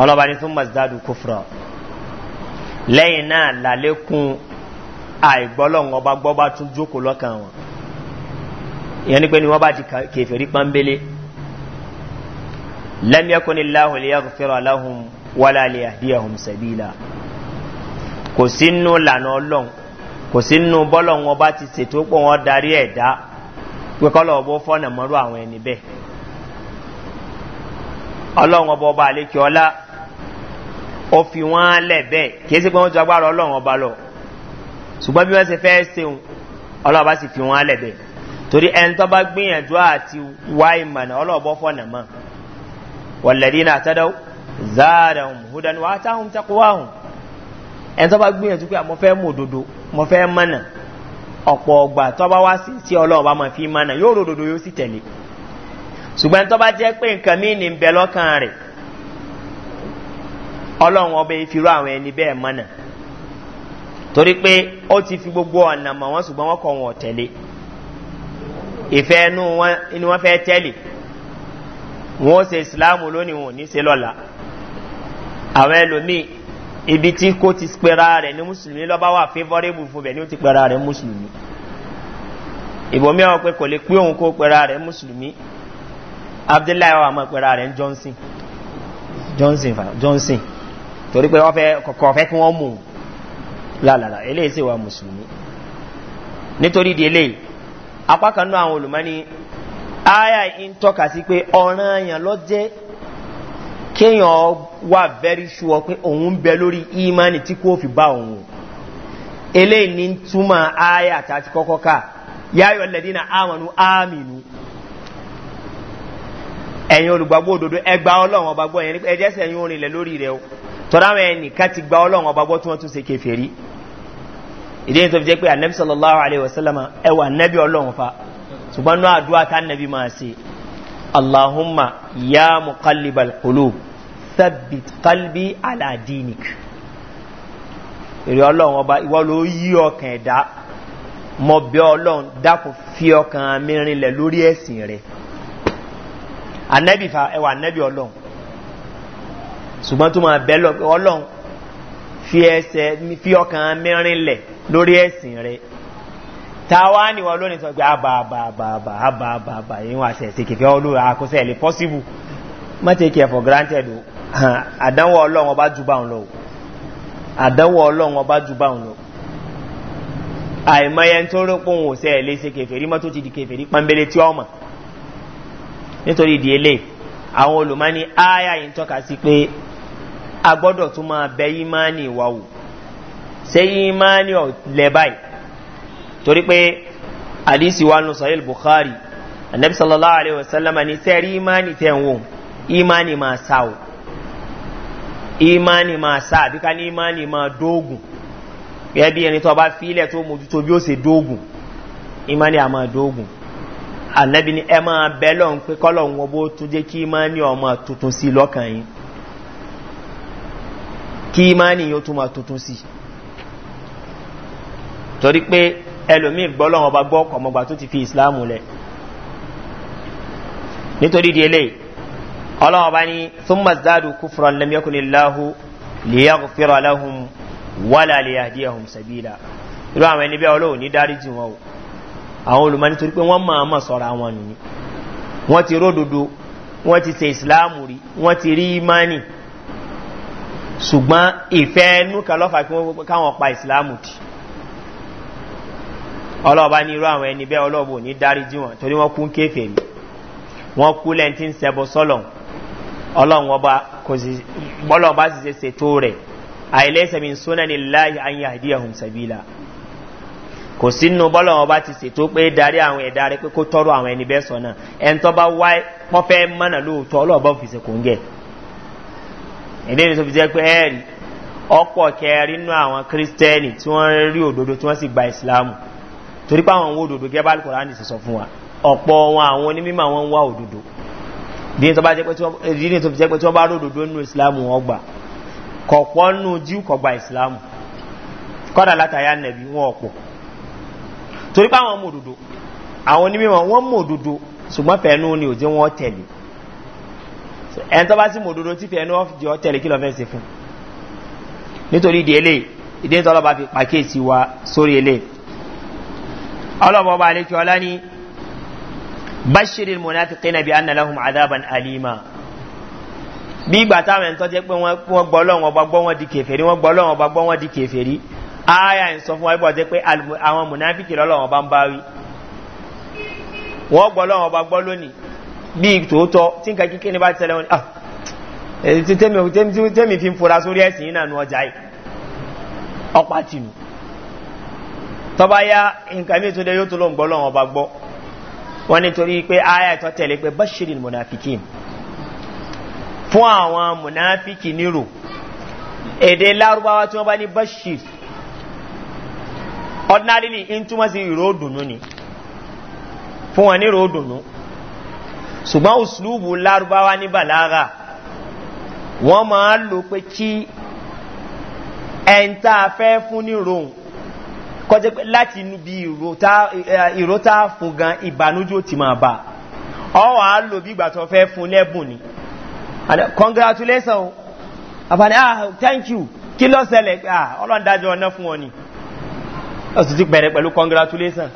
ọlọ́ba ni tó ń mà zádù náà làlékún àìgbọ́lọ́wọ́n ọba gbọ́ bá tún jókòó lọ́kàn wọn ìyẹn ni pé ni wọ́n bá di kẹfẹ́rí pọ́nbélé lẹ́mìẹ́kùn ní láhùn lè yàgò fẹ́ràn aláhùn wálé àlè àdíyàhùn sẹ́bíìlà kò sínú lànà ọlọ́run kò sínú bọ́lọ́wọ́n ti ṣètò pọ̀ darí ẹ̀dá àwọn ẹni bẹ́ẹ̀ ọlọ́run ọba ọba àlékè ọlá ó fi wọ́n lẹ̀ bẹ́ẹ̀ kì í sí ti agbára ṣùgbọ́n bí wọ́n ṣe fẹ́ ṣeun ọlọ́ọ̀bá sì fi wọ́n lẹ̀ bẹ́ẹ̀ torí ẹni tó bá gbìyànjú àti wá ìmọ̀nà ọlọ́ọ̀bọ́ fọ̀nà mọ́ wọ̀lẹ̀dí náà tẹ́dọ̀ záàdàhùn húdánù wá táhùn tẹ́kọ̀wáhùn ẹni tó bá gbìyànjú pé mo fẹ́ mú òdodo fẹ́ ọ̀pọ̀ ọgbà tó bá wá sí tí ọlọ́ọ̀bá mọ̀ fi yóò yóò sì tẹ̀lé ṣùgbọ́n tó bá jẹ́ pé nǹkan ní bẹ lọ́kàn rẹ̀ ọlọ́run àwọn torí pé ó ti fi gbogbo ọ̀nà mọ̀ wọ́n ṣùgbọ́n wọ́n kọ̀ wọ́n tẹ̀lé ìfẹ́ inú wọn ni wọ́n fẹ́ tẹ́lẹ̀ wọ́n ṣe ìsìláàmù lónìí wọn ò ní ṣe lọ́la àwọn ẹlòmíì ibi tí kò ti pera rẹ̀ ní mùsùlùmí lọ́ba wà favourable fún bẹ̀ ni ó ti pera rẹ̀ mùsùlùmí ìbomi àwọn pé kò lè pé òun kó pera rẹ̀ mùsùlùmí abdullahi wa máa pera rẹ̀ johnson johnson johnson torí pé wọ́n fẹ́ kọ̀ọ̀fẹ́ kí wọ́n mú un lálára eléyìí sì wà mùsùlùmí nítorí di eléyìí apá kan náà àwọn olùmọ́ni aya ń tọ́ka sí pé ọ̀ràn àyàn lọ jẹ́ kéèyàn wà very sure pé òun ń bẹ lórí ìmánì tí kò fi bá òun eléyìí ní túmọ̀ aya àti kọ́kọ́ ká yáyọ̀ lẹ́dínà àmọ̀nù àmìnú ẹ̀yin olùgbàgbọ́ òdodo ẹgbà ọlọ́run ọba gbọ́ ẹ̀jẹ̀ sẹ́yìn orin ilẹ̀ lórí rẹ̀ o tọ́ra àwọn ẹnìkan ti gba ọlọ́run ọba tí wọ́n tún ṣe kẹfẹ́ ìdí ní tó fi jẹ́ pé anabi sallallahu alayhi wa sallam ẹ wà anabi ọlọ́run fa ṣùgbọ́n náà àdúrà tá anabi máa ṣe allahumma ya muqallibal qulub thabbit qalbi ala dinik èrè ọlọ́run ọba ìwọ ló yí ọkàn ẹ̀dá mọ bẹ ọlọ́run dákun fi ọkàn mi rinlẹ̀ lórí ẹ̀sìn rẹ̀ anabi fa ẹwà anabi ọlọ́run ṣùgbọ́n tó máa bẹ ọlọ́run fi ẹsẹ̀ fi ọkàn mi rinlẹ̀ lórí ẹ̀sìn rẹ̀ tàwa ni wọn lónìí sọ pé àbàbàbàbà àbàbàbà yìí wọn àṣẹ ìsìnkìfẹ́ olóòrò àkóso ẹ̀lẹ́ possible má take care for granted o àdánwò ọlọ́run ọba jù báwọn lọ o àdánwò ọlọ́run ọba jù báwọn lọ àìmọye ń tó rọ́pò òun ò sẹ́ ẹ̀lẹ́ ṣe kẹfẹ́rí mọ́tò ti di kẹfẹ́rí pọ́nbélé tí ọmọ nítorí ìdí eléyìí àwọn olùmọ́ ní ááyà yìí ń tọ́ka sí pé agbọ́dọ̀ tún máa bẹ yí máa ní ìwà wò ṣé ìmánì ọ̀lẹ̀ báyìí torí pé àdìsí wa nù sahil bukhari anabi sallallahu alayhi wa sallam ni sẹ́rí ìmánì tẹ̀ ń wò ìmánì máa sá o ìmánì máa sá àbí ká ní ìmánì máa dóògùn gẹ́gẹ́ bí ẹni tó bá fílẹ̀ tó mójútó bí ó ṣe dóògùn ìmánì àmọ́ dóògùn ànábi ni ẹ máa bẹ́ lọ́n pé kọ́lọ̀ wọn bó tún jẹ́ kí ìmánì ọmọ tuntun sí lọ́kàn yín kí ìmánì yóò tún máa tuntun sí i torí pé ẹlòmíì gbọ́lọ́wọ́ bá gbọ́ ọmọgbà tó ti fi ìsìláàmù lẹ̀ nítorí di eléyìí ọlọ́wọ́ bá ní súnmọ́ zádù kúfúrọ̀ lẹ́mẹ́kùnrin láhù lèyàgò fẹ́rọ̀ aláhùn wàlà lèyàdí ẹ̀hùn sàbílà irú àwọn ẹni bẹ́ẹ̀ ọlọ́wọ́ ní dáríjì wọn o àwọn olùmọ̀ nítorí pé wọ́n máa mọ̀ sọ̀rọ̀ àwọn nìyí wọ́n ti ródodo wọ́n ti ṣe ìsìláàmù rí wọ́n ti rí ìmánì ṣùgbọ́n ìfẹ́ ẹnu kan lọ́fà kí wọ́n káwọn pa ìsìláàmù tì í ọlọ́ọ̀bá ní irú àwọn ẹni bẹ́ẹ̀ ọlọ́ọ̀bù ní dáríjì wọn torí wọ́n kú ń kéfèé ni wọ́n kú lẹ́ntì ń sẹ́bọ sọ́lọ̀ ọlọ́run ọba kò sí bọ́lọ́ọ̀bá sì ṣe ṣètò rẹ̀ àìlẹ́sẹ̀mí súnà ní láàyè ayé àdíyàhùn sàbílà kò sínú bọ́lọ́wọ́ bá ti ṣètò pé darí àwọn ẹ̀dá rẹ pé kó tọrọ àwọn ẹni bẹ́ẹ̀ sọ náà ẹni tó bá wá pọ́fẹ́ mọ́nà kẹrin nú àwọn kírísítẹ́nì tí wọ́n rí òdodo tí wọ́n sì gba ìsìláàmù torí pa àwọn òdòdó gẹ́gẹ́ bá alukọ̀rá ní sísọ fún wa ọ̀pọ̀ wọn àwọn onímọ̀ wọn ń wá òdòdó díẹ̀ tó bá jẹ́ pé tí wọ́n bá ròdòdó nínú ìsìlámù wọn gbà kọ̀pọ̀ nù jíù kọ̀gbà ìsìlámù kọ́dà látàyà nẹ̀bí wọn ọ̀pọ̀ torí pé àwọn mòdòdó àwọn onímọ̀ wọn mòdòdó ṣùgbọ́n fẹ́ẹ́nú ni ò jẹ́ wọn tẹ̀lé ẹni tó bá sì mòdòdó tí fẹ́ẹ́nú ọ̀fìjọ́ tẹ̀lé kí lọ́ fún nítorí ìdí eléyìí ìdí nítorí ọlọ́ba fi pàkíyèsí wa sórí eléyìí ọlọ́bọ̀ọ́bà alẹ́kẹ́ ọlá ní bashirin munafiki na bi an nalahun azaban alima bí ìgbà táwọn ẹ̀ntọ́ jẹ́ pé wọ́n gbọ́ lọ́wọ́ bá gbọ́ wọn di kẹfẹ́rí wọ́n gbọ́ lọ́wọ́ bá wọn di kẹfẹ́rí aya ń sọ fún wa bọ́ jẹ́ pé àwọn munafiki lọ́wọ́ bá ń bá tọba ya nǹkan mi tún dé yóò tún ló ń gbọ́ lọ́wọ́ ọba gbọ́ wọn nítorí pé aya ìtọ́ tẹ̀lé pé bashirin munafikin fún àwọn munafiki nírò èdè lárúbáwá tí wọ́n bá ní bashir ordinarily in túmọ̀ sí ìró dùnú ni fún wọn nírò dùnú ṣùgbọ́n òṣùlùbù lárúbáwá ní bàlára wọ́n máa ń lò pé kí ẹ̀ńtà fẹ́ fún níròhùn kọjẹ́ pé láti inú bí ìrótá fún gan ìbànújú ti máa bá ọwọ́ á lò bí ìgbà tó fẹ́ fún lẹ́bùn ni congratulations àbáni ah thank you kí lọ sẹlẹ̀ ah ọlọ́ndájọ́ ọ̀nà fún ọ ni ọ̀sùn ti bẹ̀rẹ̀ pẹ̀lú congratulations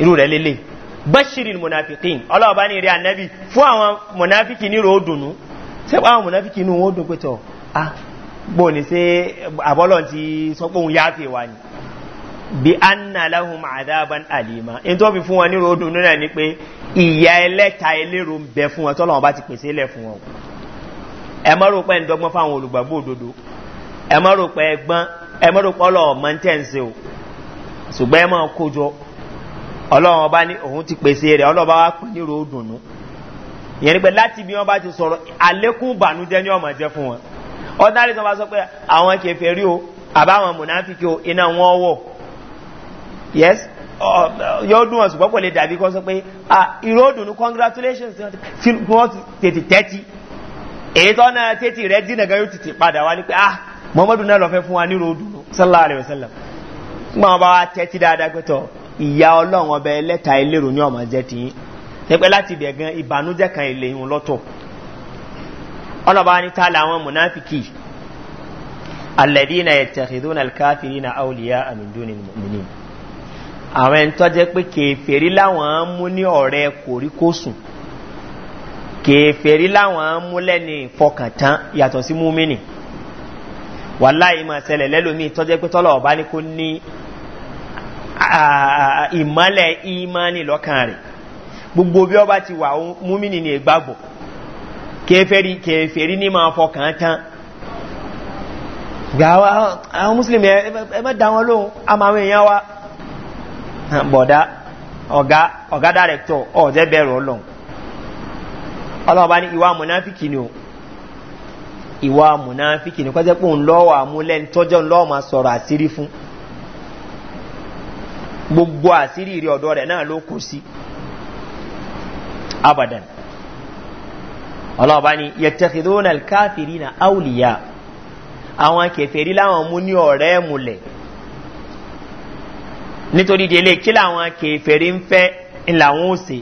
irú rẹ̀ lélẹ̀ bashirin munafikin ọlọ́ọ̀bá ní rí anabi fún àwọn munafiki ní ro dùnú sẹ́pọ̀ àwọn munafiki inú wọn dùn pẹ̀tọ̀ ah bóò ní sí àbọ́lọ̀ ti sọ pé òun yááfẹ́ wa ni bí anna lahum adaban alima in tó fi fún wọn ní ròdùn náà ni pé ìyá ẹlẹ́ta elérò ń bẹ fún wọn tọ́lọ́wọ́n bá ti pèsè ilẹ̀ fún wọn ẹ mọ́ rò pé ń dọ́gbọ́n fáwọn olùgbàgbọ́ òdodo ẹ mọ́ rò pé ẹgbọ́n ẹ mọ́ rò pé mọ́ o ṣùgbọ́n ẹ ọdún àrísàn bá sọ pé àwọn kẹfẹ́ o àbáwọn mùnáfíkì o iná wọn wọ̀ yes yóò dùn wọn ṣùgbọ́n kò lè dàbí kan sọ pé ìró ah, dùnú congratulations tí wọ́n tètè tẹ́tí èyí tó náà tètè rẹ dínà gan yóò tètè padà wá ní pé ah muhammadu náà lọ fẹ́ fún wa ní ìró sallallahu alayhi wa sallam nígbà wọn bá wa tẹ́tí dáadáa pé tọ ìyá ọlọ́run ọbẹ̀ ẹlẹ́ta ẹlẹ́rò ní ọmọ jẹ́ tìyín nípẹ́ láti ibẹ̀ gan ìbànújẹ́ kan ilé ìhun lọ́tọ̀ ọlọ́ba ní ta làwọn mùnáfìkì alẹ́dínà àwọn ẹni tó jẹ́ pé kèfèrí láwọn mú ní ọ̀rẹ́ kòríkòsùn kèfèrí láwọn mú lẹ́ni yàtọ̀ sí múmínì máa ṣẹlẹ̀ tó jẹ́ pé tọ́lọ̀ ọ̀bá ní gbogbo bí ọba ti wà múmínì ní ní máa fọkàn tán gbà àwọn ẹ bọ̀dá ọ̀gá ọ̀gá dàrẹ́kítọ̀ ọ̀ọ́dẹ́ bẹ̀rù ọlọ́run ọlọ́ọ̀bá ní ìwà mùnáfíkì ni o ìwà mùnáfíkì ni kọ́jẹ́ pé òun lọ́wọ́ àmúlẹ̀ tọ́jọ́ lọ́wọ́ máa sọ̀rọ̀ àṣírí fún gbogbo àṣírí rí ọ̀dọ́ rẹ̀ náà ló kù sí abadan ọlọ́ọ̀bá ni yẹtẹ̀kìdónà káfìrí na áwùlìyà àwọn kẹfẹ́rí láwọn mú ní ọ̀rẹ́ mulẹ̀ nítorí délé kí làwọn kèfèrí ń fẹ́ ńláwọn ò sè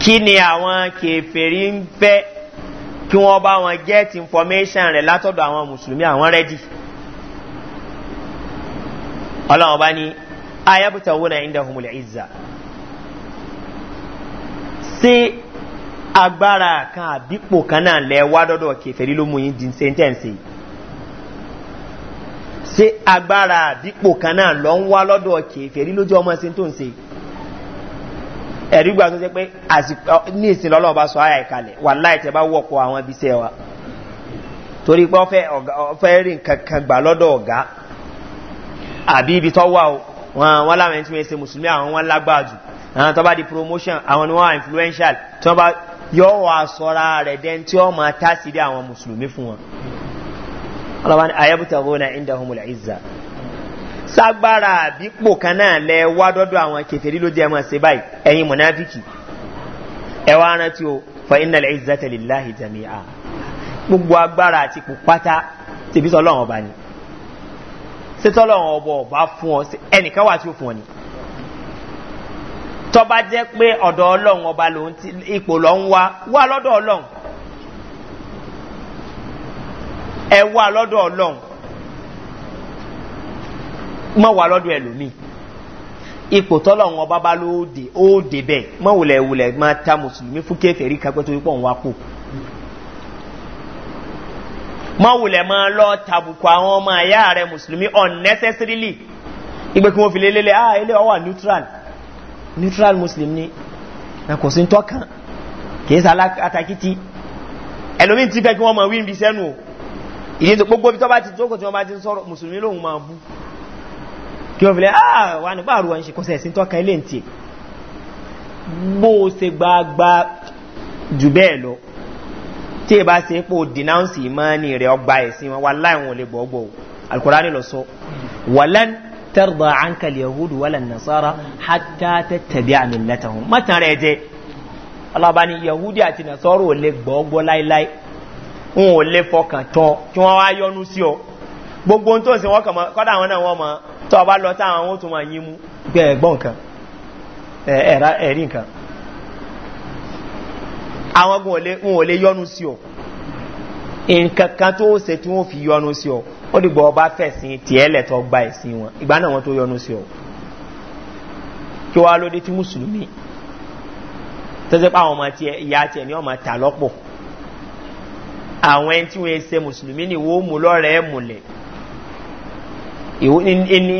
kí ni àwọn kèfèrí ń fẹ́ kí wọ́n bá wọn get information rẹ̀ látọ̀dọ̀ àwọn mùsùlùmí àwọn rẹ́dì ọlọ́run bá ní ayébùtà wọn náà ń dẹ̀hùn múlẹ̀ ìzà ṣé agbára kan àbípò kan náà lẹ wá dọ́dọ̀ kèfèrí ló mú yín di sentence yìí ṣe agbára àdípò kan náà lọ ń wá lọ́dọ̀ kèfèrí lójú ọmọ sí tó ń se ẹ̀rí gbà tó jẹ́ pé ní ìsìn lọ́lọ́wọ́ bá sọ àyà ìkàlẹ̀ wà láì tẹ́ bá wọ̀pọ̀ àwọn ibi iṣẹ́ wa torí pé ọfẹ́ rí nǹkan kan gbà lọ́dọ̀ ọ̀gá àbí ibi tó wà wọn wọn láwọn ẹni tí wọ́n ṣe mùsùlùmí àwọn wọn lágbàjù àwọn tó bá di promotion àwọn ni wọ́n wà influential tí wọ́n bá yọ wà sọ́ra rẹ̀ dẹ́n tí wọ́n máa tásìrí àwọn mùsùlùmí fún wọn ọlọ́wọ́n ni ayébùtàgónà ìndàhùnmùl ìzà ságbára àbípò kan náà lẹ wá dọ́dọ̀ àwọn kẹfẹ́rí ló jẹ́ máa ṣe báyìí ẹ̀yin mọ̀náfíkì ẹ wá rántí o fa iná lẹ ìzà tẹ̀lé láhì jàmíà gbogbo agbára àti ipò pátá tẹ̀bí sọlọ́wọ́n ọba ni ṣé tọ́lọ́wọ́n ọba fún ọ ẹnìkan wà tí ó fún ọ ni tọ́ba jẹ́ pé ọ̀dọ̀ ọlọ́run ọba lòun ipò lọ́ ń wá wá lọ́dọ̀ ọlọ́run ẹ wà lọ́dọ̀ ọlọ́run mọ̀ wà lọ́dọ̀ ẹlòmíì ipò tọ́lọ́run ọba bá ló dé ó dé bẹ́ẹ̀ mọ̀ wùlẹ̀wùlẹ̀ máa ta mùsùlùmí fún kéferì kápẹ́ tó pọ̀ ń wá pò mọ̀ wùlẹ̀ máa lọ tàbùkù àwọn ọmọ ẹ̀yà rẹ̀ mùsùlùmí unnecessarily ìgbé kí wọ́n fi lélẹ́lẹ́ ah ilé ọwà neutral neutral muslim ni kò sí tọ́kàn kìí sá atakítí ẹlòmíì ti fẹ́ kí wọ́n máa wí sẹ́nu o ìdí tó gbogbo tó bá ti jókòó tí wọ́n bá ti ń sọ́rọ̀ musulmi lóhun máa bú kí wọ́n fi lẹ́ àwà ah, nípa àrùwà ń ṣe kọsẹ̀ sí tọ́ka ilé ntì bó o ṣe gbagba jù bẹ́ẹ̀ lọ tí ì bá ṣe pò denounce ìmọ̀ọ́nì rẹ̀ ọgbà ẹ̀sìn wọn wà láìwọ̀n lè gbọ́gbọ́ alukurani lọ sọ wàlẹ́n tẹ́rọ̀dọ̀ àǹkàlì yahudu wàlẹ́n nasara hátà tẹ́tẹ̀bí àmì lẹ́tàhùn mọ́tàn rẹ̀ jẹ́ ọlọ́ba ni àti nasara ò gbọ́gbọ́ láíláí wọn ò lè fọkàn tán kí wọ́n wá yọnu sí ọ gbogbo tó ń sin wọ́n kàn mọ́ kọ́dà àwọn náà wọ́n mọ́ tó ọba lọ tá àwọn tó máa yín mú gbẹ ẹ̀gbọ́n nǹkan ẹ̀rí nǹkan àwọn gun wọn ò lè yọnu sí ọ nǹkan kan tó ṣe tí wọ́n fi yọnu sí ọ ó dìgbò ọba fẹ̀sìn tiẹ̀ lẹ̀tọ́ gba ẹ̀sìn wọn ìgbà náà wọ́n tó yọnu sí ọ kí wọ́n á lóde tí mùsùlùmí tẹ́tẹ́ àwọn ẹni tí wọ́n ṣe mùsùlùmí ni wọ́n mú lọ́rẹ̀ẹ́ múlẹ̀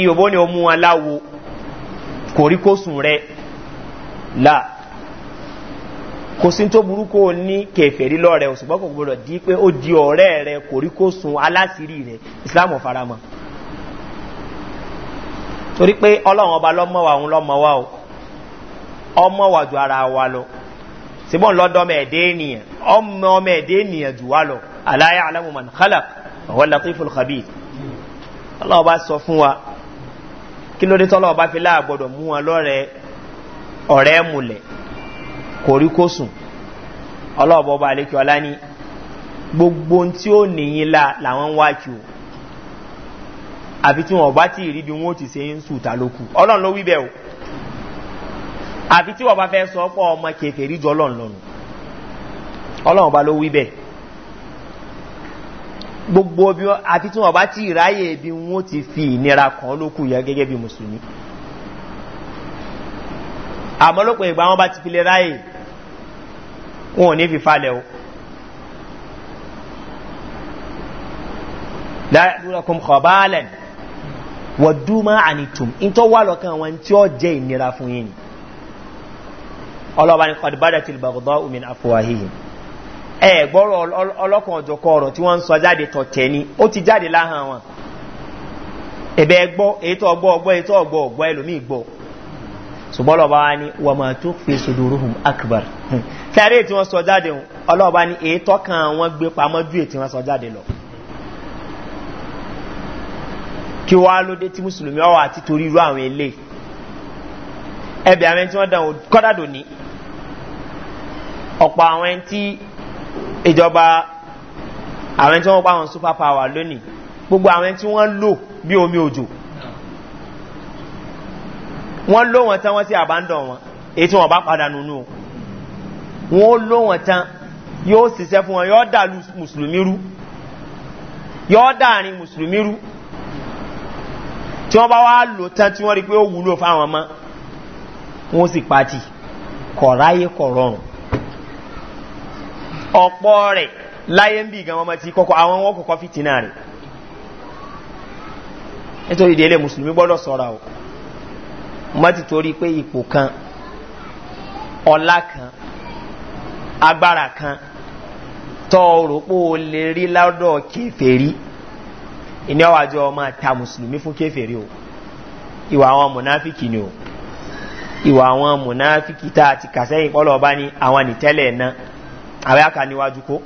ìyòbó ni ó mú wọn láwo kòríkòsùn rẹ̀ là kò sí tó burúkú ní kẹfẹ̀rí lọ́rẹ̀ òṣùgbọ́n kò gbọdọ̀ di pé ó di ọ̀rẹ́ rẹ kòríkòsùn aláṣírí rẹ islam faramọ́ torí pé ọlọ́run ọba lọ́mọ wa òun lọ́mọ wa o ọmọ wa ju ara wa lọ síbọ̀n lọ́dọ̀ ọmọ ẹ̀dẹ́ ènìyàn ọmọ ọmọ ẹ̀dẹ́ ènìyàn jù wá lọ aláyà alámùmọ̀n khalaf àwọn latiful khabir ọlọ́wọ́ bá sọ fún wa kí ló dé tọ́lọ́wọ́ bá fi láàgbọ́dọ̀ mú wọn lọ́rẹ̀ ọ̀rẹ́ múlẹ̀ kòríkòsùn ọlọ́wọ́ bá lékè ọlá ní gbogbo tí ó nìyí la làwọn wá kí o àfi tí wọn bá ti rí bí wọn ti ṣe ń sùn ta lókù ọlọ́run ló wí bẹ́ẹ̀ o àfi tí wọ́n bá fẹ́ sọ pọ̀ ọmọ kẹfẹ́rí jọ ọlọ́run lọ́nu ọlọ́run bá ló wí bẹ́ẹ̀ gbogbo bí àfi tí wọ́n bá ti ráyè bí wọ́n ti fi ìnira kan lókùn yẹn gẹ́gẹ́ bí mùsùlùmí àmọ́ lópin ìgbà wọn bá ti fi lè ráyè wọn ò ní fi falẹ̀ o. láàrúrakùn kọ̀bálẹ̀ wọ̀dúmọ̀ ànìtùm ìtọ́wà lọ́kàn wọn tí ó jẹ́ ìnira fún yìí ọlọ́ba ní kọ̀dìbádà ti bàgọ́dọ́ omin afuwahihi ẹ gbọ́rọ̀ ọlọ́kan ọ̀jọ̀kọ̀ ọ̀rọ̀ tí wọ́n ń sọ jáde tọ̀ tẹ̀ ni ó ti jáde láhàn wọn ẹ̀bẹ̀ ẹgbọ́ ètò ọgbọ́ ọgbọ́ ètò ọgbọ́ ọgbọ́ ẹlòmí gbọ́ ṣùgbọ́n ọlọ́ba wa ni wọ́n máa tó fi ṣòdòróhùn akbar tẹ́rí *laughs* tí wọ́n sọ jáde ọlọ́ba ni ètò kan wọ́n gbé pamọ́ ju ètò wọn sọ jáde lọ kí wàá lóde tí mùsùlùmí ọwọ́ àti ẹbẹ̀ àwọn tí wọ́n dàn kọ́dà dòní ọ̀pọ̀ àwọn ẹni tí ìjọba àwọn ẹni tí wọ́n pa àwọn super power lónìí gbogbo àwọn ẹni tí wọ́n lò bí omi òjò wọ́n lò wọ́n tán wọ́n ti àbándàn wọn èyí tí wọ́n bá padà nínú wọ́n lò wọ́n tán yóò ṣiṣẹ́ fún wọn yóò dà mùsùlùmí rú yóò dà àrin mùsùlùmí rú tí wọ́n bá wá lò tán tí wọ́n rí pé ó wúlò fáwọn ọmọ wọn sì pati kọ̀ráyé kọ̀rọ̀rùn ọ̀pọ̀ rẹ̀ láyé ń bí gan ọmọ ti kọ́kọ́ àwọn wọn kọ́kọ́ fi tìǹà rẹ̀ nítorí ìdílé mùsùlùmí gbọ́dọ̀ sọ́ra o Ma ti torí pé ipò kan ọlá kan agbára kan tọ́ ọ̀rọ̀ pé o lè rí lọ́dọ̀ kẹfẹ́rí ìní ọmọ mùsùlùmí o ìwà àwọn mùnáfíkì o ìwà àwọn mùnáfíkì tá a ti kà sẹ́yìn ọba àwọn aka níwájú kó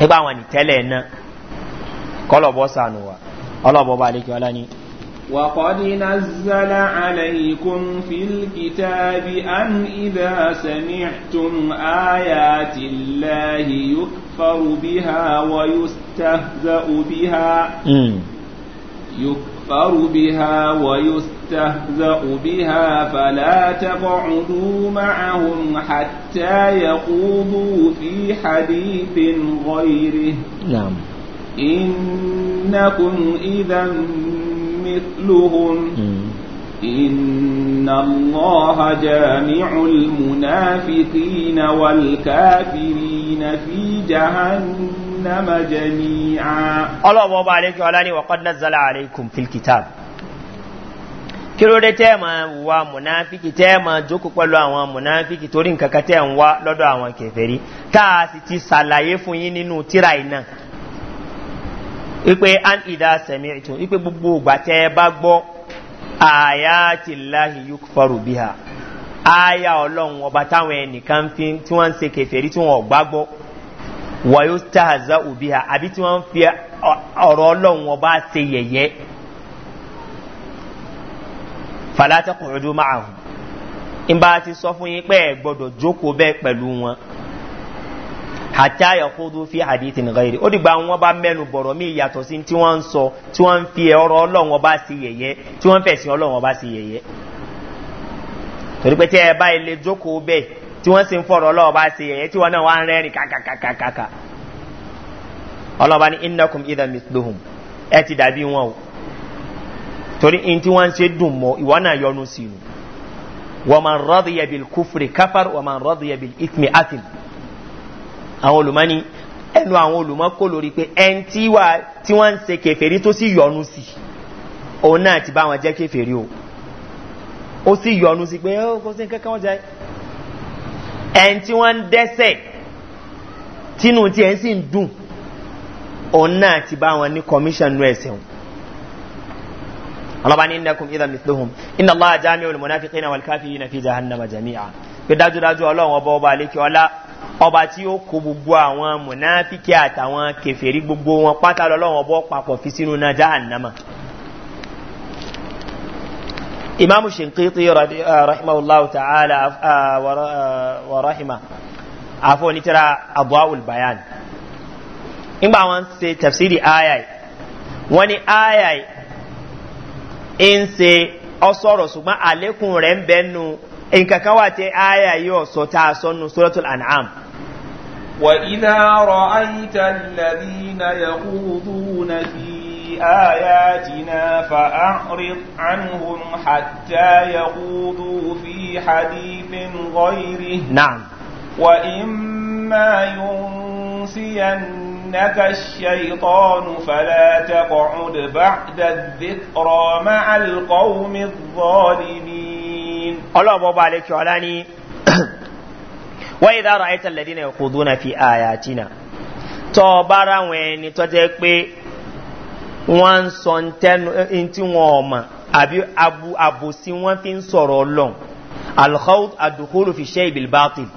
nípa àwọn ìtẹ́lẹ̀ náà kọlọ̀bọ̀ sànù wa ọlọ́bọ̀ bá lékè ọlá ní. وقد نزل عليكم في الكتاب أن إذا سمعتم آيات الله يكفر بها ويستهزأ بها يكفر بها ويستهزأ يستهزأ بها فلا تقعدوا معهم حتى يخوضوا في حديث غيره نعم إنكم إذا مثلهم إن الله جامع المنافقين والكافرين في جهنم جميعا الله أبو عليك وعلاني وقد نزل عليكم في الكتاب kí ló tẹ́ ma wa mùnáfíkì tẹ́ ma jókòó pẹ̀lú àwọn mùnáfíkì torí tẹ́ ń wá lọ́dọ̀ ti salaye fún n'inu nínú tíra iná an ìdá sẹ̀mí ìtún gbogbo ògbà tẹ́ bá gbọ́ àyà ti láhi yóò fọrù bí ha àyà ọlọ́run ọba táwọn ẹnìkan fi ọba yẹ̀yẹ́ falatakun ọdún máa hù ń bá ti sọ fún yín pé ẹ gbọdọ̀ jókòó bẹ́ẹ̀ pẹ̀lú wọn àti àyàkóso fi àdìtì nìkan yìí ó dìgbà wọn bá mẹ́nu bọ̀rọ̀ mí ìyàtọ̀ sí tí wọ́n ń sọ tí wọ́n ń fi ọ̀rọ̀ ọlọ́wọ́n bá sí yẹ̀yẹ́ tí wọ́n ń fẹ̀sìn ọlọ́wọ́n bá sí yẹ̀yẹ́ torí pé tí ẹ bá ilé jókòó bẹ́ẹ̀ tí wọ́n sì ń fọ̀rọ̀ ọlọ́wọ́n bá sí yẹ̀yẹ́ tí wọ́n náà wá ń rẹ́rìn kàkàkàkàkà ọlọ́wọ́n bá ní innakum idan misluhum ẹ ti dàbí wọn o torí in tí wọ́n ń ṣe dùn mọ́ ìwà náà yọnu sí ni wọ́n máa ń rọ́dí yẹ bíi kúfìrí káfàr wọ́n máa ń rọ́dí yẹ bíi ìtìmí àtìm àwọn olùmọ́ni ẹnu àwọn olùmọ́kò lórí pé ẹn tí wọ́n ń ṣe kẹfẹ́rí tó sì yọnu sí òun náà ti bá wọn jẹ́ kẹfẹ́rí o ó sì yọnu sí pé ó kó sí kankan wọn jẹ ẹn tí wọ́n ń dẹ́sẹ̀ tínú tí ẹ̀ ń sì dùn òun náà ti bá wọn ní kọmíṣàn ọlọ́ba ní innakum idan mithluhum inna allah jami olùmọ̀náfíkínà wàlkáfíìnà fi jahannama jami'a pé dájúdájú ọlọ́run ọba ọba àlékí ọlá ọba tí ó kó gbogbo àwọn mọ̀náfíkí àtàwọn kẹfẹ́rí gbogbo wọn pátá lọ́lọ́run ọba papọ̀ fi sínú náà jahannama. imaamu shinkiti eh, rahimahullahu ta'ala eh, eh, wa rahima afọ onítìrà abuawul bayan. ìgbà wọn ṣe tafsiri ayai wọn ayai ń ṣe ọsọ̀rọ̀ ṣùgbọ́n àlékún rẹ̀ ń bẹ́nu nkankan wà tẹ àyà yóò sọ tá a sọnù suratul an'am. وإذا رأيت الذين يخوضون في آياتنا فأعرض عنهم حتى يخوضوا في حديث غيره نعم وإما ينسين ينسينك الشيطان فلا تقعد بعد الذكرى مع القوم الظالمين الله بابا عليك وعلاني وإذا رأيت الذين يخوضون في آياتنا tọ́ bá ra àwọn ẹni tọ́ jẹ́ pé wọ́n ń sọ ní tí wọ́n ọmọ àbí àbòsí wọ́n fi ń sọ̀rọ̀ ọlọ́run alhaut adukuru fi ṣe ìbìlbátìlì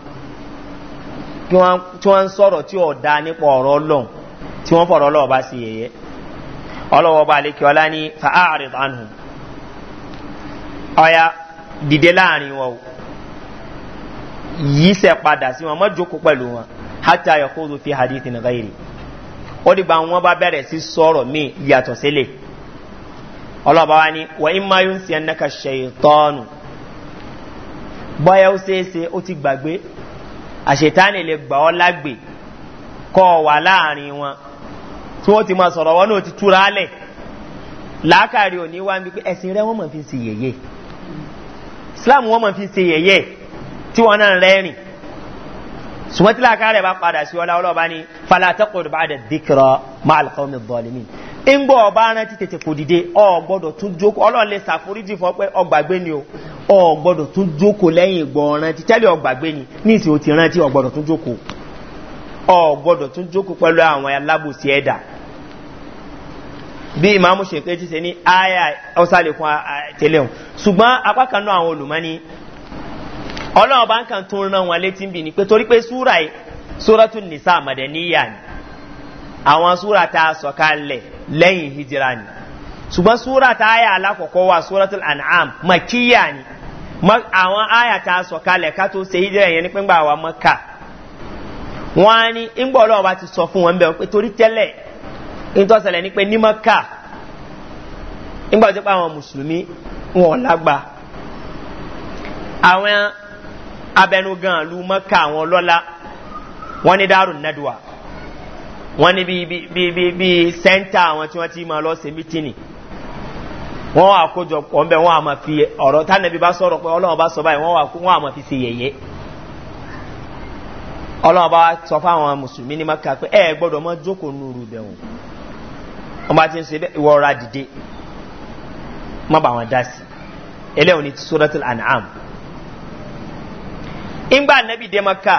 tí wọ́n ń sọ̀rọ̀ tí da nípa ọ̀rọ̀ ọlọ́run tí wọ́n fọ̀rọ̀ ọlọ́wọ́ bá sí yẹyẹ ọlọ́wọ́ bá lè kí ọlá ní fa'áàrì tánù ọya dìde láàrin wọn o yìí padà sí wọn mọ́jókòó pẹ̀lú wọn hátà yọkóòdù fi hadith nìkan yìí ó dìgbà wọn bá bẹ̀rẹ̀ sí sọ̀rọ̀ míì yàtọ̀ sílẹ̀ ọlọ́ba wa ni wà í máa yún sí ẹnẹ́ka ṣe ìtọ́nù bọ́yá ó ó ti gbàgbé àṣetáni lè gbà ọ́ lágbè kọ́ ọ wà láàrin wọn tí wọ́n ti máa sọ̀rọ̀ wọn náà ti túra lẹ̀ làákàrí òní wá ń bí pé ẹ̀sìn rẹ wọ́n mọ̀ fi ń se yẹ̀yẹ́ islam wọ́n mọ̀ fi ń se yẹ̀yẹ́ tí wọ́n náà rẹ́rìn sùmọ́tí làákàrí bá padà sí ọlá ọlọ́ọ̀bá ni falatẹ́kọ̀ọ́ bá dẹ̀ dìkìrọ̀ máa lọ́kọ́ mi bọ́ọ̀lì mi ń gbọ́ ọba rántí tètè kò dìde ọ̀gbọ́dọ̀ tún jókòó ọlọ́run lè ṣàforíjì fún o ọ̀gbọ́dọ̀ tún jókòó lẹ́yìn ìgbọ̀n rántí tẹ́lẹ̀ ọgbàgbé ni ní ìsìn ti rántí ọ̀gbọ́dọ̀ tún jókòó ọ̀gbọ́dọ̀ tún jókòó pẹ̀lú àwọn alábòsí ẹ̀dà bí ìmáàmù ti ṣe ní àyà ọ̀sálẹ̀ fún tẹ́lẹ̀ o ṣùgbọ́n apá kan náà àwọn olùmọ́ni ọlọ́run ń kàn tún rán wọn létí ń àwọn súra ta sọ̀kalẹ̀ lẹ́yìn hijira ni ṣùgbọ́n súra ta ayà alákọ̀ọ́kọ́ wa súratul an'am makiya ni àwọn ayà ta sọ̀kalẹ̀ ká tó ṣe hijira yẹn ní wa maka wọn á ní ńgbọ́ ti sọ fún wọn bẹ́ẹ̀ pé torí tẹ́lẹ̀ ìtọ́sẹ̀lẹ̀ pé ní maka ńgbà tó pa àwọn mùsùlùmí wọn lágbà àwọn abẹnugan lu wọn ni dárò wọ́n ni bi bi bi bí sẹ́ńtà àwọn tí wọ́n ti máa lọ ṣe mítìnì wọ́n wà kójọ wọ́n àmà fi ọrọ tánàbí bá sọrọ pé bá sọ báyìí maka pé ẹ jókòó wọ́n bá ti ń ṣe ìwọ ọ̀rá dìde wọn dá sí anam ìgbà nàbì maka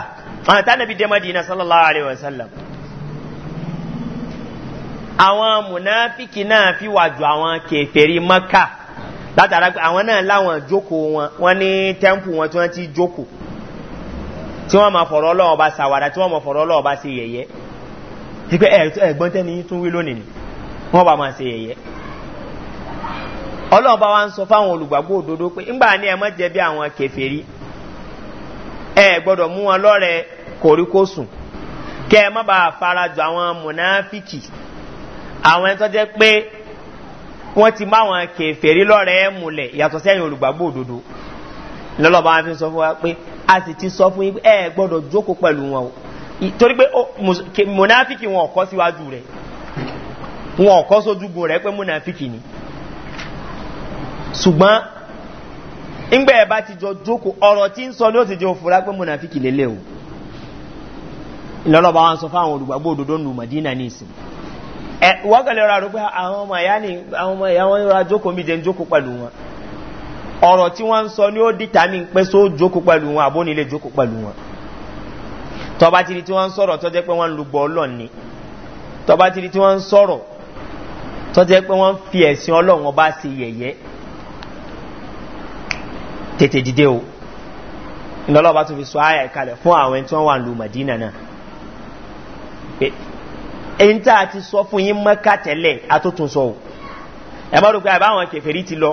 àwọn tánàbì madina sallallahu alayhi wa sallam àwọn munafiki náà fi wà ju àwọn kẹfẹ́rí maka látara àwọn náà láwọn jókòó wọn wọn ní tẹ́ǹpù wọn tí wọ́n ti jókòó tí wọ́n ma fọ̀rọ̀ ọlọ́wọ́ bá sàwádà tí wọ́n fọ̀rọ̀ ọlọ́wọ́ bá ti pé ẹ̀gbọ́n tẹ́ni tún wí lónìí wọ́n bá máa sí yẹ̀yẹ́ ọlọ́wọ́ bá wá ń sọ fáwọn olùgbàgbọ́ òdodo pé ńgbà bí àwọn ẹ gbọ́dọ̀ mú wọn lọ́rẹ̀ kòríkòsùn kẹ́ ẹ àwọn ẹni tó jẹ́ pé wọ́n ti má wọn kẹfẹ́rí lọ́rẹ̀ẹ́ múlẹ̀ ìyàtọ̀ sẹ́yìn olùgbàgbọ́ òdodo lọ́lọ́ba fi sọ fún wa pé a sì ti sọ fún yín ẹ gbọ́dọ̀ jókòó pẹ̀lú wọn o torí pé mùnáfíkì wọn ọ̀kọ́ síwájú rẹ̀ wọn ọ̀kọ́ sójúgun rẹ̀ pé mùnáfíkì ni ṣùgbọ́n ńgbà ẹ̀ bá ti jọ jókòó ọ̀rọ̀ tí ń sọ ní ó ti jẹ́ òfurá pé mùnáfíkì lélẹ̀ o lọ́lọ́ba wa sọ fún àwọn olùgbàgbọ́ òdodo nù mọ̀dínà ní ìsìn wọ́n kàn lè ra rò pé àwọn ọmọ ìyá ni àwọn ọmọ ìyá wọn ra jókòó mi jẹ́ ń jókòó pẹ̀lú wọn ọ̀rọ̀ tí wọ́n ń sọ ni ó dìtàmí pé só jókòó pẹ̀lú wọn àbóni lè jókòó pẹ̀lú wọn tọba tiri tí wọ́n sọ̀rọ̀ tọ́jẹ́ pé wọ́n ń lùgbọ́ ọlọ́run ni tọba tiri tí wọ́n sọ̀rọ̀ tọ́jẹ́ pé wọ́n fi ẹ̀sìn ọlọ́run ọba sí yẹ̀yẹ́ tètè dìde o ìlọ́lọ́ba tó fi sọ àyà ìkalẹ̀ fún àwọn ẹni tí wọ́n wà ń lu màdínà náà E ti sọ fún yín mọ́ká tẹ́lẹ̀ atótún sọ ẹ má dùkú àbáwọn keferi ti lọ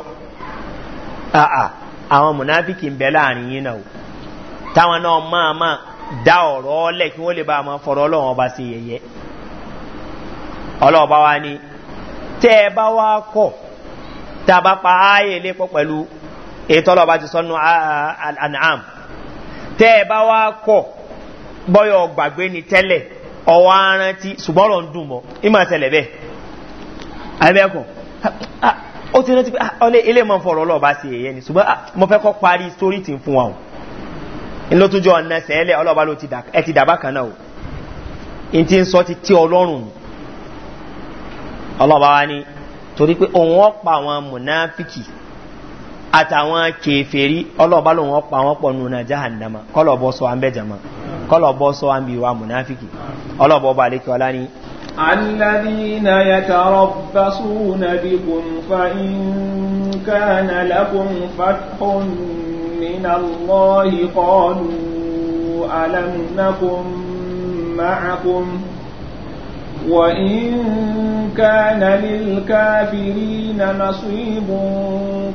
àwọn mùnáfíkì ń bẹ láàrin yín náà táwọn náà máa máa dá ọ̀rọ̀ ọlẹ̀ kí wọ́n lè bá a fọ̀rọ̀ ọlọ́run ọba sí yẹyẹ ọlọ́ọ̀bá wa ni tẹ́ ẹ bá wá kọ̀ tá a bá pa ààyè pẹ̀lú ètò ọlọ́ọ̀bá ti tẹ́ ẹ bá wá kọ̀ bọ́yọ̀ ni tẹ́lẹ̀ ọwọ́ ti ṣùgbọ́n ń dùn mọ́ ìmọ̀ àtẹlẹ̀ bẹ́ẹ̀ ó ti rántí pé Ile ilé mọ́ fọ̀rọ̀ ọlọ́ọ̀bá sí ni ṣùgbọ́n mo fẹ́ kọ́ parí sórí tí ń fún wa o ló tún jọ ọ̀nà ti dàbá kan o n ti ń sọ ti tí ọlọ́run ọlọọba wa ni torí pé òun àwọn mùnáfíkì àtàwọn kèfèrí ọlọ́ọ̀bá lòun ọ̀pọ̀ àwọn pọ̀ nù náà jahannama kọlọ̀bọ sọ àmbẹ̀ jama kọlọ̀bọ sọ àmbì wa munafiki ọlọ́ọ̀bọ ọba àlekí ọlá ni. الذين يتربصون بكم فإن كان لكم فتح من الله قالوا ألم نكن معكم ؟ وإن كان للكافرين نصيب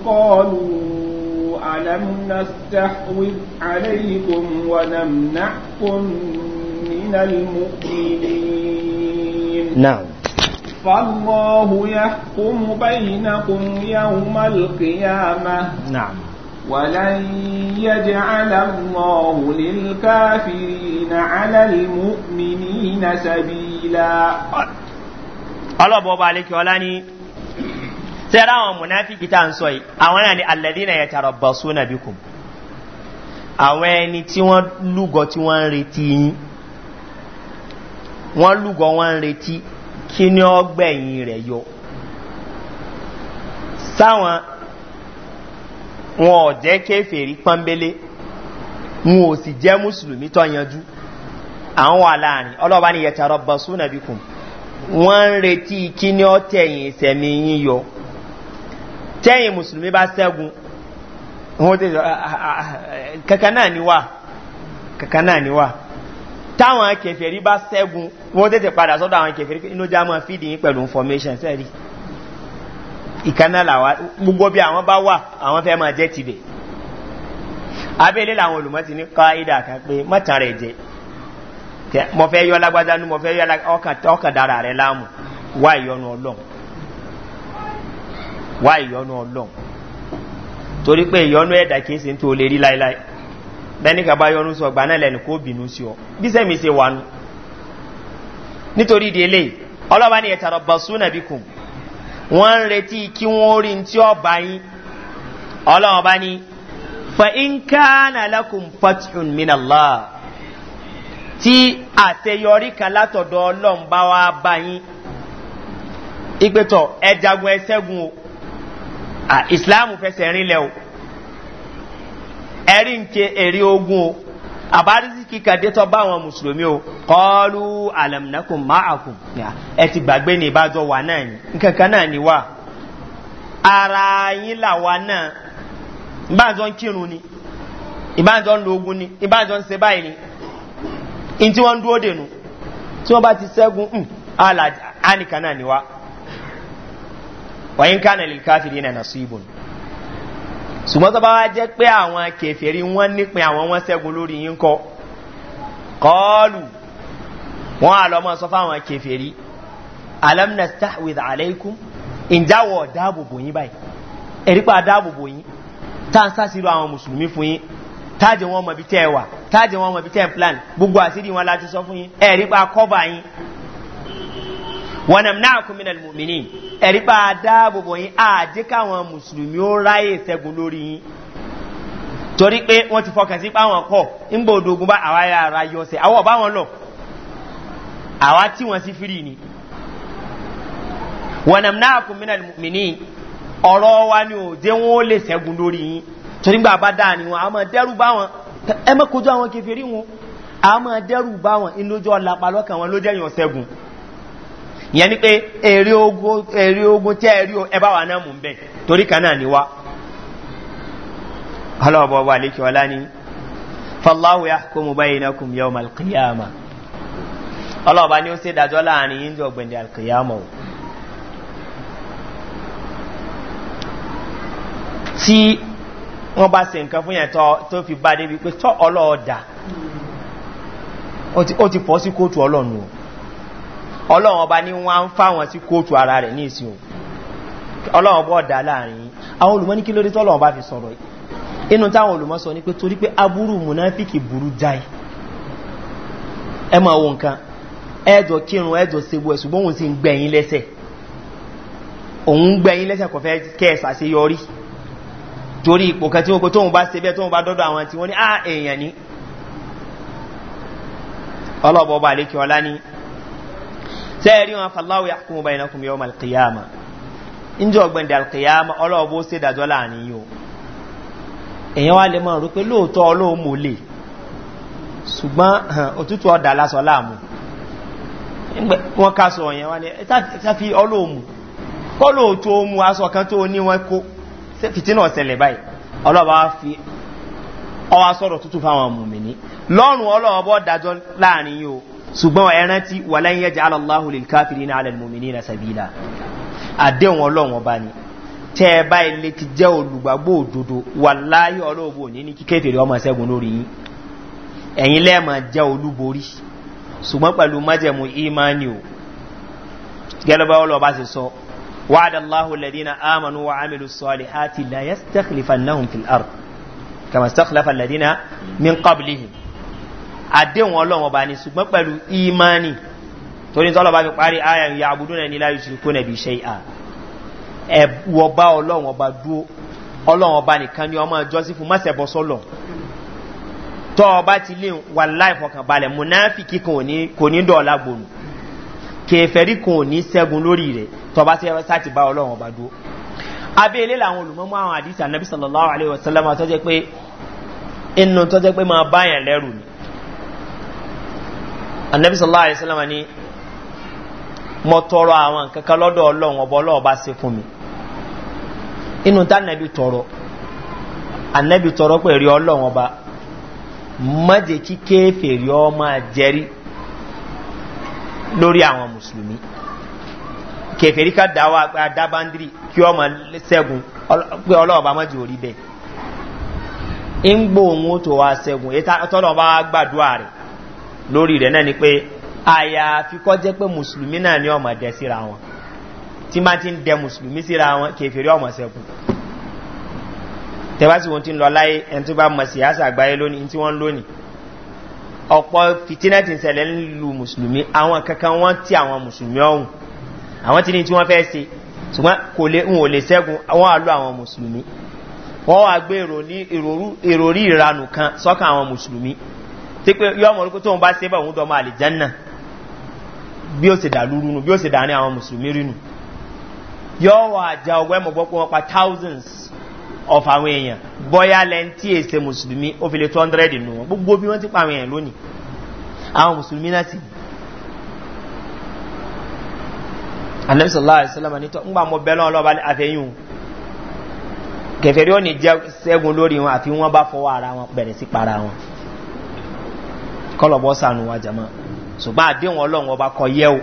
قالوا ألم نستحوذ عليكم ونمنعكم من المؤمنين نعم فالله يحكم بينكم يوم القيامة نعم ولن يجعل الله للكافرين على المؤمنين سبيلا ọlọ́bọ̀ ọba alẹ́kẹ́ ọlá ní tẹ́rà àwọn mùnáfíkì tá ń sọ yìí àwọn náà ni alẹ́dínà yẹ tààrọ̀ bọ̀ sónà bí kùn àwọn ẹni tí wọ́n lúgọ tí wọ́n ń retí yín wọ́n lúgọ wọ́n ń retí kí ni ó gbẹ̀yìn rẹ̀ yọ sáwọn wọn ò jẹ́ kéfèrí pọ́nbélé wọn ò sì jẹ́ mùsùlùmí tó yanjú àwọn wà láàrin ọlọ́ba ni yẹtara bá súnà bí kùn wọ́n ń retí kí ni ọ́ tẹ̀yìn ìsẹ̀mí yín yọ tẹ́yìn mùsùlùmí bá sẹ́gun ah, ah, ah, eh, kankan náà ni wà kankan náà ni wà táwọn kẹfẹ̀rí bá sẹ́gun wọ́n tẹ́tẹ̀ padà sọ́dọ̀ àwọn kẹfẹ̀rí inú já máa fídì yín pẹ̀lú information sẹ́rí ìkànnà làwà gbogbo bí àwọn bá wà àwọn fẹ́ máa jẹ́ tibẹ̀ abẹ́lé làwọn olùmọ́ ti ní ká kan pé mọ́tàn rẹ̀ jẹ́ tẹ mọ fẹ yọ alágbádá nu mọ fẹ yọ ọkàn dára rẹ láàmú wá ìyọnu ọlọ́run wá ìyọnu ọlọ́run torí pé ìyọnu ẹ̀dà kìí se ń tó lè rí yọnu sọ kó bínú sí ọ bí se wà nù nítorí ìdí eléyìí ọlọ́ba ni ẹ̀tàrọ̀ kùn wọ́n ń retí kí wọ́n rí tí bá yín ọlọ́ba ni tí àṣeyọrí kan látọ̀dọ̀ ọlọ́run bá wá bá yín ìpètọ̀ ẹjagun ẹsẹ́gun o fẹsẹ̀ rinlẹ̀ o ẹ̀rí nke èrè ogun o àbáríṣì kíkà dẹ́tọ̀ bá àwọn mùsùlùmí o kọlu alamnakun ma'akun ẹ ti gbàgbé ní ìbájọ wà náà ni naa náà ni wà ara yín làwa náà ìbájọ ń kírun ni ìbájọ ń lo ogun ni ìbájọ ń se báyìí ni. in tí wọ́n dúró dènú tí wọ́n bá ti sẹ́gun um hmm, alìkan náà níwá wọ́n kánà lè káfìrí náà sí ibùn ṣùgbọ́n tó bá wá jẹ́ pé àwọn kẹfẹ́rí wọ́n nípin àwọn wọ́n sẹ́gun lórí yín kọ́ kọ́ọ̀lù wọ́n á lọ́mọ sọ fáwọn kẹfẹ́rí alamna stahwid aleikum ìjáwọ̀ dáàbòbò yín báyìí ẹ̀rípa dáàbòbò yín tá à ń sásìrò àwọn mùsùlùmí fún yín táàjẹ̀ wọn mọ̀ bí tẹ́ ẹ wà táàjì wọn mọ̀ bí ten plan gbogbo àṣírí wọn láti sọ fún yín ẹ̀rí pa kọ́bà yín wọn nà náà kún mi nà lùmọ̀ mí ní ẹ̀rí pa dáàbòbò yín àjẹ́ káwọn mùsùlùmí ó ráyè sẹ́gun lórí yín torí pé wọ́n ti fọkàn sí páwọn kọ̀ ńgbà òdògùn bá àwa yàrá yọ ọ̀sẹ̀ àwọ̀ bá wọn lọ àwa tí wọn sí fírì ni wọn nà náà kún mi nà lùmọ̀ mí ní ọ̀rọ̀ wa ni ò jẹ́ wọn ó lè sẹ́gun lórí yín torí gbà bá dáa ni wọn àwọn dẹ́rù bá wọn ẹ mọ́ kojú àwọn kẹfẹ́rí wọn a máa dẹ́rù bá wọn inújọ́ ọ̀làpá lọ́kàn wọn ló dẹ́yàn sẹ́gun ìyẹn ni pé èrè ogun èrè ogun tẹ́ ẹ̀rí ẹbá wà náà mú bẹ́ torí kan náà ni wá ọlọ́ọ̀bọ̀ wà lékè ọlá ni fọláwù yá kó mo báyìí náà kùn yọ malkiyama ọlọ́ọ̀bá ni ó ṣe dájọ́ láàrin yín jọ alkiyama o tí wọ́n bá se nǹkan fún yẹn tó fi bá débi pé tọ́ ọlọ́ọ̀dà ó ti pọ̀ sí kóòtù ọlọ́run o ọlọ́run ọba ní wọ́n á ń fáwọn sí kóòtù ara rẹ̀ ní ìsìn o ọlọ́run ọba ọ̀dà láàrin àwọn olùmọ́ ní kí lóde tọ́lọ́run bá fi sọ̀rọ̀ inú táwọn olùmọ́ sọ ni pé torí pé aburú munafiki burú jáì ẹ máa wo nǹkan ẹ̀ẹ́dọ̀ kírun ẹ̀ẹ́dọ̀ sebo ẹ̀sùn bóun sì ń gbẹ̀yìn lẹ́sẹ̀ òun gbẹ̀yìn lẹ́sẹ̀ kọ̀fẹ́ kẹ́ ẹ̀ sàṣeyọrí torí ipò kan tí wọ́n pé tóun bá ṣe bẹ́ẹ̀ tóun bá dọ́dọ̀ àwọn tí wọ́n ní ah èèyàn ni ọlọ́bọ̀ ọba àlékí ọlá ní sẹ́ẹ̀rí wọn fàláwì àkùnmọ̀ báyìí náà kùnmí ọmọ alkiyama njẹ́ ọgbẹ̀ndẹ̀ alkiyama ọlọ́bọ̀ ó ṣe dájọ́ láàrin yìí o èèyàn wá lè fìtínà ọ̀sẹ̀lẹ̀ báyìí ọlọ́ba fi ọwá sọ̀rọ̀ tútù fáwọn mùmìnì lọ́rùn ọlọ́wọ́ bọ́ dájọ́ láàrin yìí o ṣùgbọ́n ẹran tí wà lẹ́yìn ẹjẹ́ aláhùn lè káfìrí ní alẹ́ mùmìnì na sàbílà àdéhùn ọlọ́wọ́ bá ní tẹ́ ẹ báyìí lè ti jẹ́ olùgbàgbọ́ òdodo wà láyé ọlọ́wọ́ ní ní kíkẹ́tẹ̀rẹ́ ọmọ ṣẹ́gun lórí وعد الله الذين آمنوا وعملوا الصالحات لا يستخلفنهم في الأرض كما استخلف الذين من قبلهم àdéhùn ọlọ́run ọba ni ṣùgbọ́n pẹ̀lú ìmánì torí tọ́lọ́ bá fi parí ayà ìyá àbúdó náà ní láyé ṣùgbọ́n ẹ̀bí iṣẹ́ ìhà ẹ̀wọ̀ bá ọlọ́run ọba dúó ọlọ́run ọba nìkan ni ọmọ ẹjọ́ sí fún mọ́sẹ̀bọ sọ́lọ̀ tọ́ ọba ti lè wà láìfọkànbalẹ̀ mùnáfì kíkan kò ní dọ̀ọ́lá gbòòrùn kẹfẹ́rí kan ò ní sẹ́gun lórí rẹ̀ tọba tí ẹ̀rọ sáà bá ọlọ́run ọba dúró abẹ́lé làwọn olùmọ́mú àwọn àdìsí ànábì sallallahu alayhi wa sallam tọ́jẹ́ pé inú tọ́jẹ́ pé máa báyàn lẹ́rù ni ànábì sallallahu ni mo tọrọ àwọn nǹkan lọ́dọ̀ ọlọ́run ọba ọba ṣe fún mi inú tá ànábì tọrọ ànábì tọrọ ọba lórí àwọn mùsùlùmí kẹfẹ́rí ká dáwà adábándírì kí ọmọ sẹ́gun pé ọlọ́ọ̀bá mọ́jì orí bẹ́ẹ̀ ń gbó òun tó wá sẹ́gun tọ́lọ́ bá gbàdúrà rẹ̀ lórí rẹ̀ náà ni pé àyàfi kọ́ jẹ́ pé mùsùlùmí náà ni ọmọ dẹ síra wọn tí máa ti ń dẹ mùsùlùmí síra wọn kẹfẹ́rí ọmọ sẹ́gun tẹ́wá sí wọn ti ń lọ láyé ẹni tó bá mọ̀ sí àṣà àgbáyé lónìí tí wọ́n lónìí ọ̀pọ̀ fitina ti sẹlẹ̀ ń lu mùsùlùmí àwọn kankan wọ́n ti àwọn mùsùlùmí ọ̀hún àwọn tí ní tí wọ́n fẹ́ se ṣùgbọ́n kò lè ń ò lè sẹ́gun wọ́n á lọ àwọn mùsùlùmí wọ́n wá gbé ìròrí ìranù kan sọ́kà àwọn mùsùlùmí tí pé yọ ọmọ orúkú tóun bá ṣe bá òun dọ́mọ àlìjánná bí ó ṣe dà lúrú nu bí ó ṣe dà ní àwọn mùsùlùmí rínu yọ wà já ọgbẹ́ wọn pa thousands of àwọn èèyàn bọ́yá lẹ́ni tí èsè mùsùlùmí ó fi lè two hundred nù wọn gbogbo bí wọ́n ti pa àwọn èèyàn lónìí àwọn mùsùlùmí náà sì ní. anabi sallallahu alayhi wa sallam ni tọ́ ńgbà mọ bẹ́ẹ̀ lọ́wọ́ lọ́ba àfẹ́yìn o kẹfẹ́rí ò ní jẹ́ sẹ́gun lórí wọn àfi wọ́n bá fọwọ́ ara wọn bẹ̀rẹ̀ sí para wọn kọlọ̀bọ̀ sànù wa jama ṣùgbọ́n àdéhùn ọlọ́run ọba kọ yẹ́ o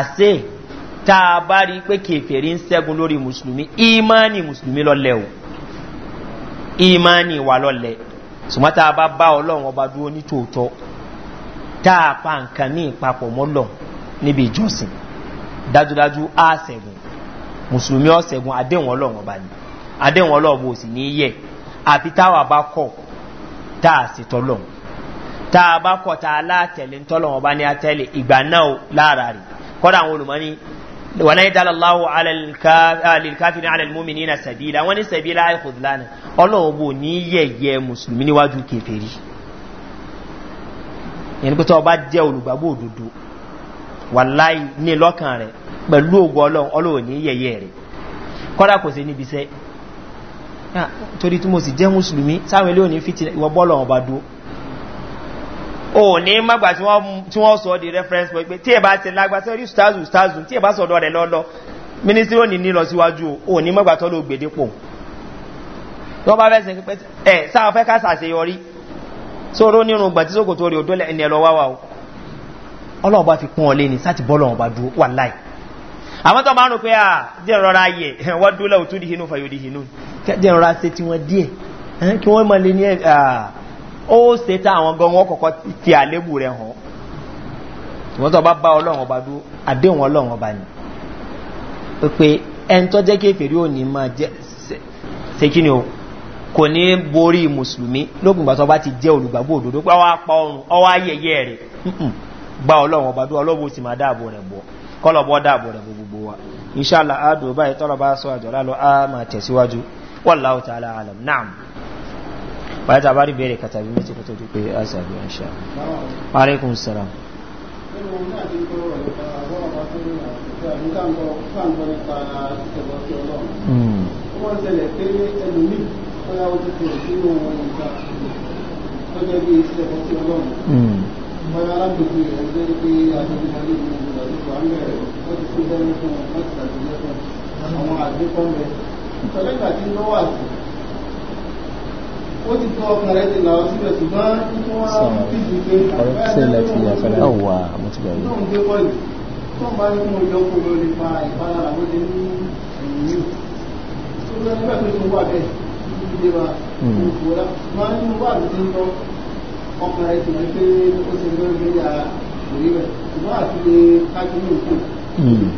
àṣẹ tá a bá rí i pé kẹfẹ́rí ń ṣẹ́gun lórí mùsùlùmí ìmánì mùsùlùmí lọ́lẹ̀ o ìmánì wà lọ́lẹ̀ ṣùgbọ́n tá a bá bá ọlọ́run ọba dúró ní tòótọ́ tá a pa nǹkan ní ìpapọ̀ mọ́lọ̀ níbi ìjọsìn dájúdájú á ṣẹ̀gùn mùsùlùmí ọ̀ṣẹ̀gùn àdéhùn ọlọ́run ọba ni àdéhùn ọlọ́run ò sì ní yẹ àfi táwa bá kọ̀ tá a sì tọ́lọ̀ tá a bá kọ̀ tá a látẹ̀lé ń tọ́lọ̀ ọba ní atẹ́lẹ̀ ìgbà náà lára rẹ̀ kọ́dà àwọn olùmọ́ni wala yi dala allahu alikafiri alalmumini na sabila wani sabila ayi kudulana ọlọ́wọ́ bò ní yẹ̀yẹ musulmi níwájú kẹfẹ́rí yẹn pé tọ́ ọba jẹ́ olùgbàgbọ́ òdodo wàláì ní lọ́kàn rẹ̀ pẹ̀lú ògùn ọlọ́run ọlọ́wọ́ ní yẹ̀yẹ rẹ̀ kọ́dà kò sí níbi sẹ́ ah, torí tí mo sì jẹ́ musulmi sáwọn ilé òní fìtì ìwọ bọ́ọ̀lù ọba dúró o ní mọ́gbà tí wọ́n sọ di reference point pé tí ẹ bá ti lágbà sẹ́rí stazu stazu tí ẹ bá sọ̀dọ̀ rẹ̀ lọ́lọ́ ministry ò ní ní lọ síwájú o ní mọ́gbà tó ló gbèdépò tó bá fẹ́ sin pé ẹ sáà fẹ́ ká sàṣeyọrí sóró nínú gbà tí sókò tó rí odó lẹ́ni ẹ lọ wá wa o ọlọ́run bá fi kún ọ lé ní sáti bọ́ lọ́run bá dúró wà láì àwọn tó máa ń rò pé à díẹ̀ rọra yẹ *laughs* wọ́n dúró lẹ́wọ̀ tó di hinú fayodihinu díẹ̀ rọra ṣe tiwọn díẹ̀ kí wọ́n máa lé ní ẹ̀ ó ṣe tá àwọn gan wọn kọ̀kọ́ ti àlébù rẹ̀ hàn wọ́n tó bá bá ọlọ́run ọba dúró àdéhùn ọlọ́run ọba ni pé ẹn tó jẹ́ kéferì ò ní máa jẹ́ ṣe kí ni o kò ní borí mùsùlùmí lókùn ìgbà tó bá ti jẹ́ olùgbàgbọ́ òdodo pé ọwọ́ apá ọrùn ọwọ́ ayẹyẹ rẹ̀ gba ọlọ́run ọba dúró ọlọ́run ó sì máa dáàbò rẹ̀ bọ̀ kọ́lọ̀bọ́ dáàbò rẹ̀ gbogbo wa inṣàlá àdùn báyìí tọ́lọ̀ bá sọ àjọ lálọ́ á máa tẹ̀síwájú wọ́n láwùtà aláàlám náà báyìí tá a bá rí bẹ̀rẹ̀ kàtà bí méjì kó tó di pé a ṣàbí ọ̀ṣà aleykum salam. wọ́n ṣẹlẹ̀ pé ẹlòmíì bóyá ó ti tẹ̀lé sínú ọmọ nǹkan tó jẹ́ bí iṣẹ́ ẹ̀kọ́ sí ọlọ́run bóyá alábòjú rẹ̀ ń jẹ́ pé adébíyàlé ìlú ìgbà tó wà ń bẹ̀rẹ̀ ó ti tọ́ ọkàn rẹ̀ ti làwọn síbẹ̀ ṣùgbọ́n tó wá fíjì pé àbẹ́rẹ́ tó wọ́n fẹ́ ọ̀wà mo ti gbàgbé. náà ń gbé bọ́ọ̀lù tó ń bá ní fún ọjọ́ kó ló lè fa ìpalára ló dé ní ẹ̀yìn yìí tó lọ nígbà tó ti wà bẹ́ẹ̀ títí dé wa òkúra máa ń wà ní ti ń tọ́ ọkàn rẹ̀ ti wọ́n pé ó ti lórí ìgbéyà òrí rẹ̀ ṣùgbọ́n àti lè kájú òkú hmm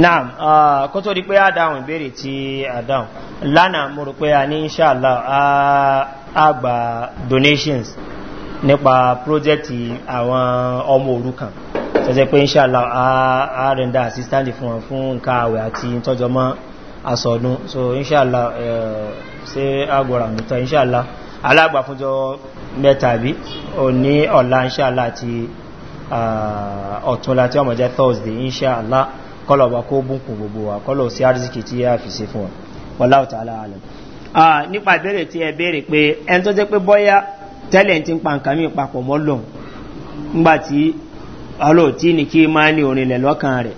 naam ah, kó tó di pé àdáhùn ìbéèrè tí àdáhùn lánàá mo rò pé a ní ṣàlá àgbà donations nípa projẹ́tì àwọn ọmọ òrukàn tẹ́jẹ́ pé ṣàlá àrẹ̀ndà assistant fún wọn fún nǹkan àwẹ̀ àti tọ́jọmọ́ àsọ̀dún so ṣàlá ṣe agbọ̀rà mìtọ́ ṣàlá alágbà fúnjọ mẹ́ta bí o ní ọ̀la ṣàlá àti ah, ọ̀tún láti ọmọ jẹ́ thursday ṣàlá kọ́lọ̀ bá kó bùnkù gbogbo wa kọ́lọ̀ sí arziki tí a fi ṣe fún wa wọlá ọ̀tá aláàlẹ̀. nípa ìbéèrè tí ẹ béèrè pé ẹni tó jẹ́ pé bọ́yá tẹ́lẹ̀ ti ń pa nǹkan mí papọ̀ mọ́ lòun ńgbà tí ni kí máa ní orin lẹ̀ lọ́kàn rẹ̀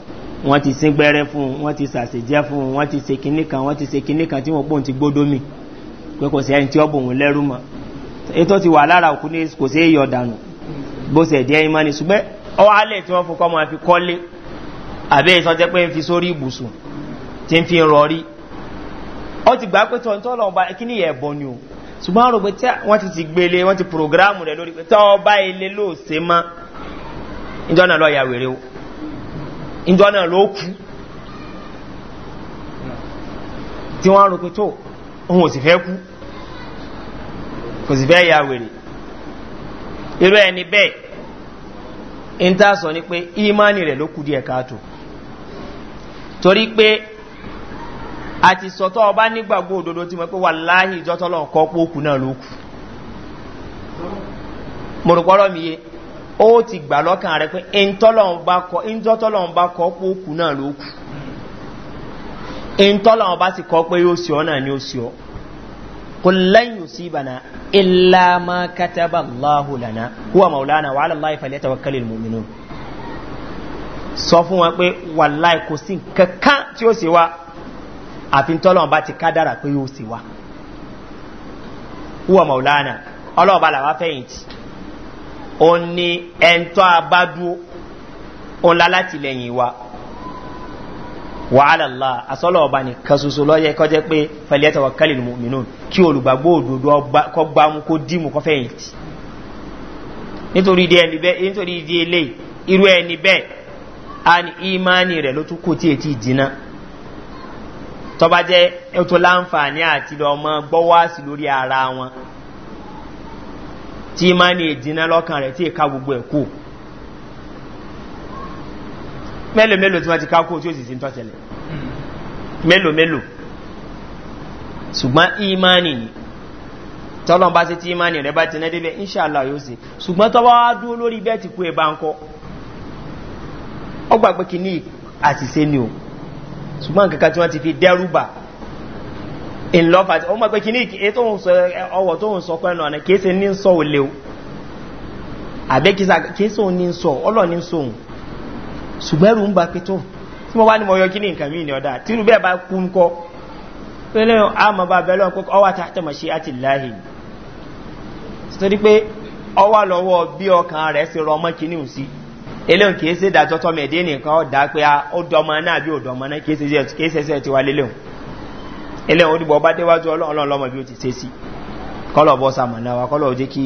wọ́n ti sín gbẹ́rẹ́ fún un wọ́n ti sàṣèjẹ́ fún un wọ́n ti ṣe kinní kan wọ́n ti ṣe kinní kan tí wọ́n pòun ti gbódó mi pé kò sí ẹni tí ó bò wọ́n lẹ́rú mọ́ ètò ti wà lára òkú ní kò sí èyí ọ̀dànù bó ṣe díẹ̀ ìmọ̀ ni ṣùgbẹ́ ọwọ́ alẹ́ tí wọ́n fún kọ́ máa fi kọ́lé àbẹ́ ìsọ́jẹ́ pé ń fi sórí ìbùsùn tí ń fi ń rọrí ọ ti gbà pé tọ́ntọ́ lọ bá kí ní ni o ṣùgbọ́n àrò pé tí wọ́n ti ti gbélé wọ́n ti lori rẹ̀ lórí pé tọ́ ọba ilé ló ṣe mọ́ ìjọ lọ ya wèrè o ìjọ náà ló kú tí wọ́n rò pé tó òun ò sì fẹ́ kú kò sì fẹ́ ya wèrè irú ẹni ni pé ìmánì rẹ̀ ló kú díẹ̀ torí pé àti sọ̀tọ̀ ọba nígbàgbọ́ òdodo ti mọ̀ pé wà láàyè ìjọ́tọ́lọ̀ kọ́ pókù náà ló kù mọ̀rọ̀pọ̀rọ̀ mi yé ó ti gbà lọ́kàn rẹ̀ pé ìntọ́lọ̀un bá kọ́ pókù náà ló kù ti kọ́ pé yóò sí ọ náà ni ó sí ọ kò lẹ́yìn sí ìbànà ìlàmà kátàbà láhùlànà wà sọ fún wọn pé wàláì kò sí kankan tí ó sì wá àfi tọ́lọ́wọ́n bá ti kádàrà pé yóò sì wá wúwọ̀ mọ̀láàna ọlọ́ọ̀bá làwọn afẹ́yìntì ó ní ẹ̀ńtọ́ abádúó ó ńlá láti lẹ́yìn wa wàhálà ńlá asọ́lọ́ọ̀bá ní kan lọ́yẹ kọjẹ́ pé fẹ̀lẹ́tọ̀ wà kálí kí olùgbàgbọ́ òdòdó kọ́ gbámú kó dìmú kọ́ nítorí ìdí ẹni bẹ́ẹ̀ ani imani ìmánì rẹ̀ ló tún kù tí ètí ìdínà tọ́ba jẹ́ ó tó láǹfààní àti ọmọ gbọ́wọ́sì lórí ara wọn tí ìmánì ìdínà lọ́kàn rẹ̀ tí ìka gbogbo ẹ̀ kù mélòó mélòó tí wọ́n ti ká kù tí ó sì ti ń tọ́sẹ̀lẹ̀ mélòó mélòó ṣùgbọ́n ìmánì ni tọ́lọ́n bá ṣe tí ìmánì rẹ̀ bá ti ná débẹ̀ inṣàlá yóò ṣe ṣùgbọ́n tọ́ba wá dúró lórí bẹ́ẹ̀ ti kú ẹ̀ bá ń kọ́ ọgbà pé kìíní àṣìṣe ni o ṣùgbọ́n nǹkan tí wọ́n ti fi dẹ́rùbà in tí wọ́n mọ̀ pé kìíní sọ ọwọ́ tó ń sọ pẹ́nu ọ̀nà kìí ṣe ní ń sọ o àbẹ́ kìí ṣe òun ní ń sọ ọlọ́ ní ń sọ òun ṣùgbọ́n ẹrù ń ba pé tó tí wọ́n wá ní mo yọ a nǹkan mí ní ọ̀dà tí irú bẹ́ẹ̀ bá kú ń kọ́ àmọ́ bá bẹ́ẹ̀ lọ́wọ́ pé ọwọ́ ṣe àti láàyè eléyìn kìí ṣe dájọ́ tọ́mọ ẹ̀dẹ́ nìkan ọ̀dá pé ó dọmọ náà bí ó dọmọ náà kìí ṣe ṣe ti wá léléhùn eléyìn ó dìbò bá déwájú ọlọ́run lọ́mọ bí ó ti ṣe sí kọ́lọ̀ bọ́ sàmọ̀nà wa kọ́lọ̀ jẹ́ kí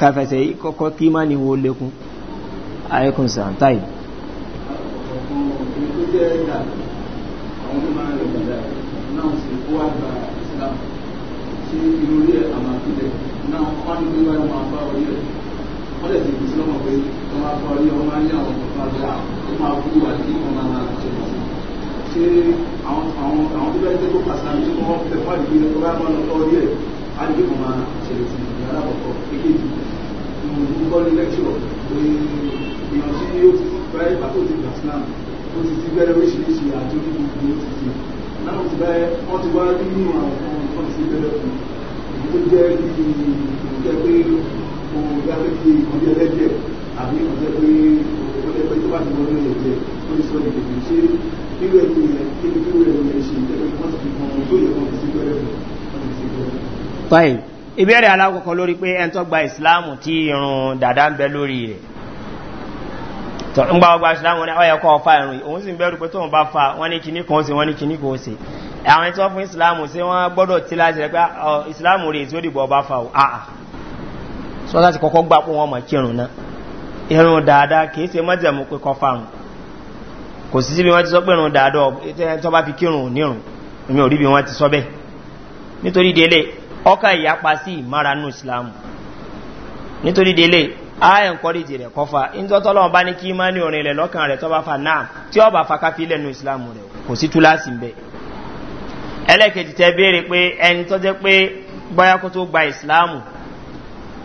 káfẹsẹ̀ kọ́kọ́ kí má ní wo lékún ayékùn sàntáì Now, wọ́n lè fi kú lọ́mọ pé wọ́n máa kọ́ ní ọmọ ní àwọn ọmọ àti àwọn máa kú àti ọmọ máa ṣe lọ ṣé àwọn àwọn tó bá jẹ́ kó pàṣẹ àmì tí wọ́n fẹ́ fún àdìgbò lọ́kọ́ bá máa lọ kọ́ orí ẹ̀ àdìgbò kan máa ṣe sí ìgbà alábọ̀kọ́ kékeré. mo ń kọ́ ní lẹ́kṣọ̀ pé èèyàn tí ti fẹ́ pàtó ti gbà sílám ó ti ti bẹ́rẹ̀ oríṣiríṣi àjọ fine ìbéèrè alákọ̀ọ́kọ́ lórí pé ẹn tó gba ìsìláàmù tí irun dàdá ń bẹ lórí rẹ̀ ńgbà ọgbà ìsìláàmù ní ọyẹ kọ́ ọfà irun òun sì ń bẹ̀rù pé tóun bá fa wọ́n ní kíní kan ó se wọ́n ní kíní kan ó se àwọn ẹni tó fún ìsìláàmù sí wọ́n gbọ́dọ̀ tí láti rẹ̀ pé ìsìláàmù rẹ̀ tí ó dìbò ọba fa o àà sọ láti kọ́kọ́ gbà pé wọ́n mọ̀ kírun náà irun dáadáa kìí se mọ́jẹ̀mú pé kọ́ fa rùn kò sí síbi wọ́n ti sọ pé irun dáadáa tó bá fi kírun ò nírun èmi ò rí bí wọ́n ti sọ bẹ́ẹ̀ nítorí délé ọka ìyapa sí ìmáranú islam nítorí délé a encourage rẹ̀ kọfà ìjọtọ́lọ́wọ́ bá ní kí má ní orin rẹ̀ lọ́kàn rẹ̀ tọ́ bá fa náà tí ọba fakáfí lẹ́nu islam rẹ̀ kò sí túláàsì ń pé ẹni gba islam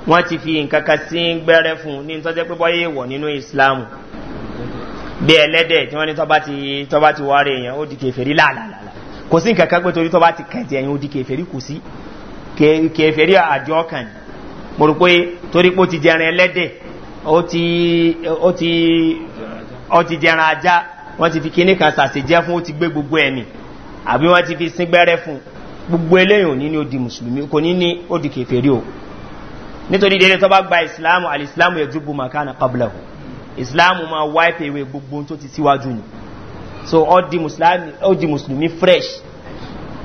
wọ́n ti fi sí gbẹ́rẹ́ fún ní tó jẹ́ pé bọ́yá èèwọ̀ nínú islam bí ẹlẹ́dẹ̀ tí wọ́n ní tọ́ bá ti wá rẹ̀ èèyàn ó di kẹfẹ́rí kò sí pé torí tọ́ bá ti kẹfẹ́rí àjọ kan mo rò pé torí pé ó ti jẹran ẹlẹ́dẹ̀ ó ti ó ti ó ti jẹran ajá wọ́n ti fi kíní kan sàṣejẹ́ fún ó ti gbé gbogbo ẹ̀mí àbí wọ́n ti fi síngbẹ́rẹ́ fún gbogbo eléyìn òní ni ó di mùsùlùmí kò ní ní ó di kẹfẹ́rí o nítorí dédé tó bá gba ìsìláàmù àlìsìláàmù yẹ jùbù màkánà pablahu ìsìláàmù máa wáìpẹ̀ gbogbo tó ti síwájú ni so ó di mùsùlùmí fresh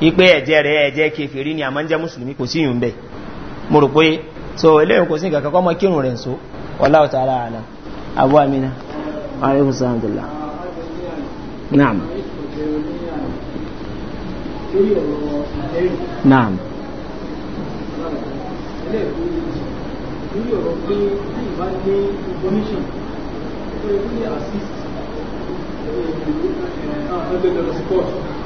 ipe eje rẹ̀ ya eje ni àmọ́ ń jẹ́ mùsùlùmí kò sí yùn bẹ̀ mo rò pé so eléyìí kò sí nǹkan kankan mọ́ kírun nso ọlá ọ̀tá ara àlà abu amina aleykum salaam dula naam naam Thank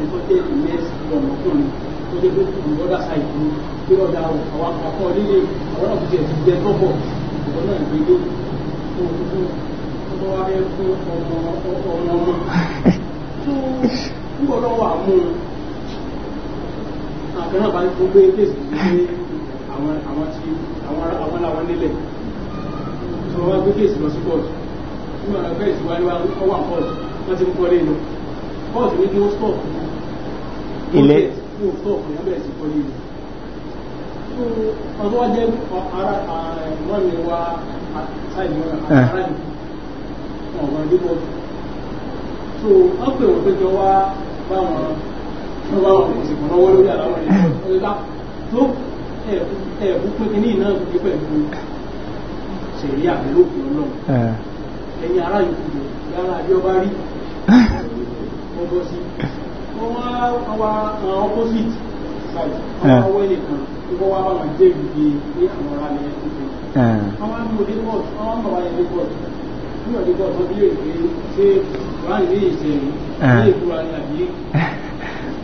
ẹni tó jẹ́ ìmẹ́sì ọmọkùnrin tó jẹ́ tó kù lọ́dà ṣáìkú tí wọ́n da àwọn akọ líle àwọn náà ti ti jẹ tọ́pọ̀ ìwọ náà gbé dé tó tó tó wá fẹ́ fún ọmọ ọmọ ọmọ tó ń bọ̀ lọ́wọ́ àmú àkàrà bá ń gbé kéèsì ní àwọn àwọn tí àwọn àwọn làwọn nílẹ̀ tó wá gbé kéèsì lọ sí pọ̀jù nígbà bẹ́ẹ̀ sì wáyé wá ọwọ́ àpọ̀jù wọ́n ti ń kọ́ lé lọ pọ̀jù ní kí ó stọ̀pù ilé Ṣèrí àbẹ̀lókù ọlọ́run. Ẹ̀yin ará ìkùnjẹ̀ yára rí ọgbọ́ *laughs* sí wọ́n wá àwọn opposite side wọ́n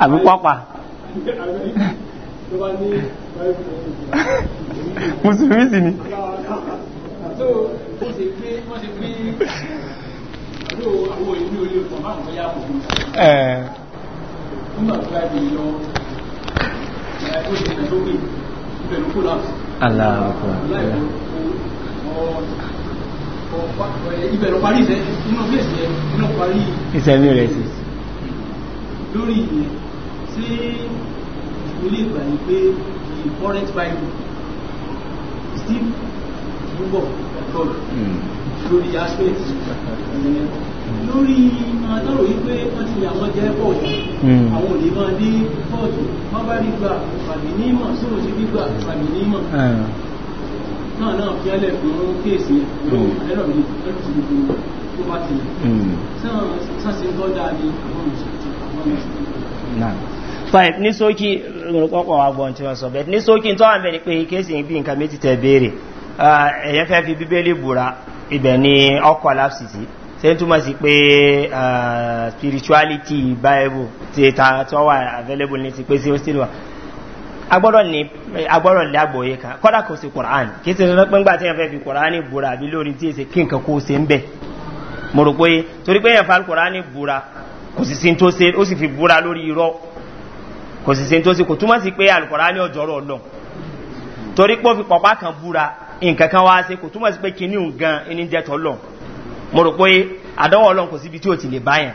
àbí. pápá. *laughs* mùsùlùmí sì ni. so Allahu Akbar. Ibẹ̀ lọ parí ìṣẹ́ inú fèsì ẹ̀ inú parí ìṣẹ́mí rẹ̀ sí. Lórí ìyẹn eh, eh, tí ìwúlé ìgbà ní pé the current Bible still túbọ̀ ọ̀tọ̀ lórí aspect hmm. ìyẹn lórí ọjọ́rò yìí pé wọ́n ti yà wọ́n jẹ́ pọ̀jù hmm. àwọn òní máa ní pọ̀jù wọ́n bá rí gbà fàmì ní mọ̀ sóòrò sí gbígbà fàmì ní mọ̀ ah. náà náà fi ẹlẹ̀ fún kéèsì ẹ̀rọ mi ẹ̀rọ ti gbogbo tó bá ti sáàsì hmm. gọ́dá ní àwọn òṣèlú five ní sókí olùkọ́kọ̀ agbọ̀n tí wọ́n sọ bẹ́ẹ̀ ní sókí tó wà bẹ̀rẹ̀ pé kéèsì ìbí nǹkan méjì tẹ̀ béèrè ah, ẹ̀yẹ́ fi bíbélì búra ibẹ̀ ni ọkọ̀ lápsìtì ṣe ń sí pé spirituality bible ti ta tó wà available ní ti pé sí hostel wa agbọ́dọ̀ ní agbọ́dọ̀ ní àgbòye kan kọ́dà kò sí quran kí ti rán pé ń gbà tí yẹn fẹ́ fi quran búra àbí lórí tí èsì kí nǹkan kó o ṣe ń bẹ̀ mo rò pé torí pé yẹn fa quran búra kò sì sí tó ṣe ó sì fi búra lórí irọ́ kò sì sí tó ṣe kò túmọ̀ sí pé alukọ̀rá ní ọjọ́ torí pé ó fi pọ̀pá kan búra nǹkan kan wá ṣe kò túmọ̀ sí pé kinní gan ẹni jẹ́ tọ́lọ̀ mo rò pé àdánwò ọlọ́run kò síbi tí ò ti lè báyàn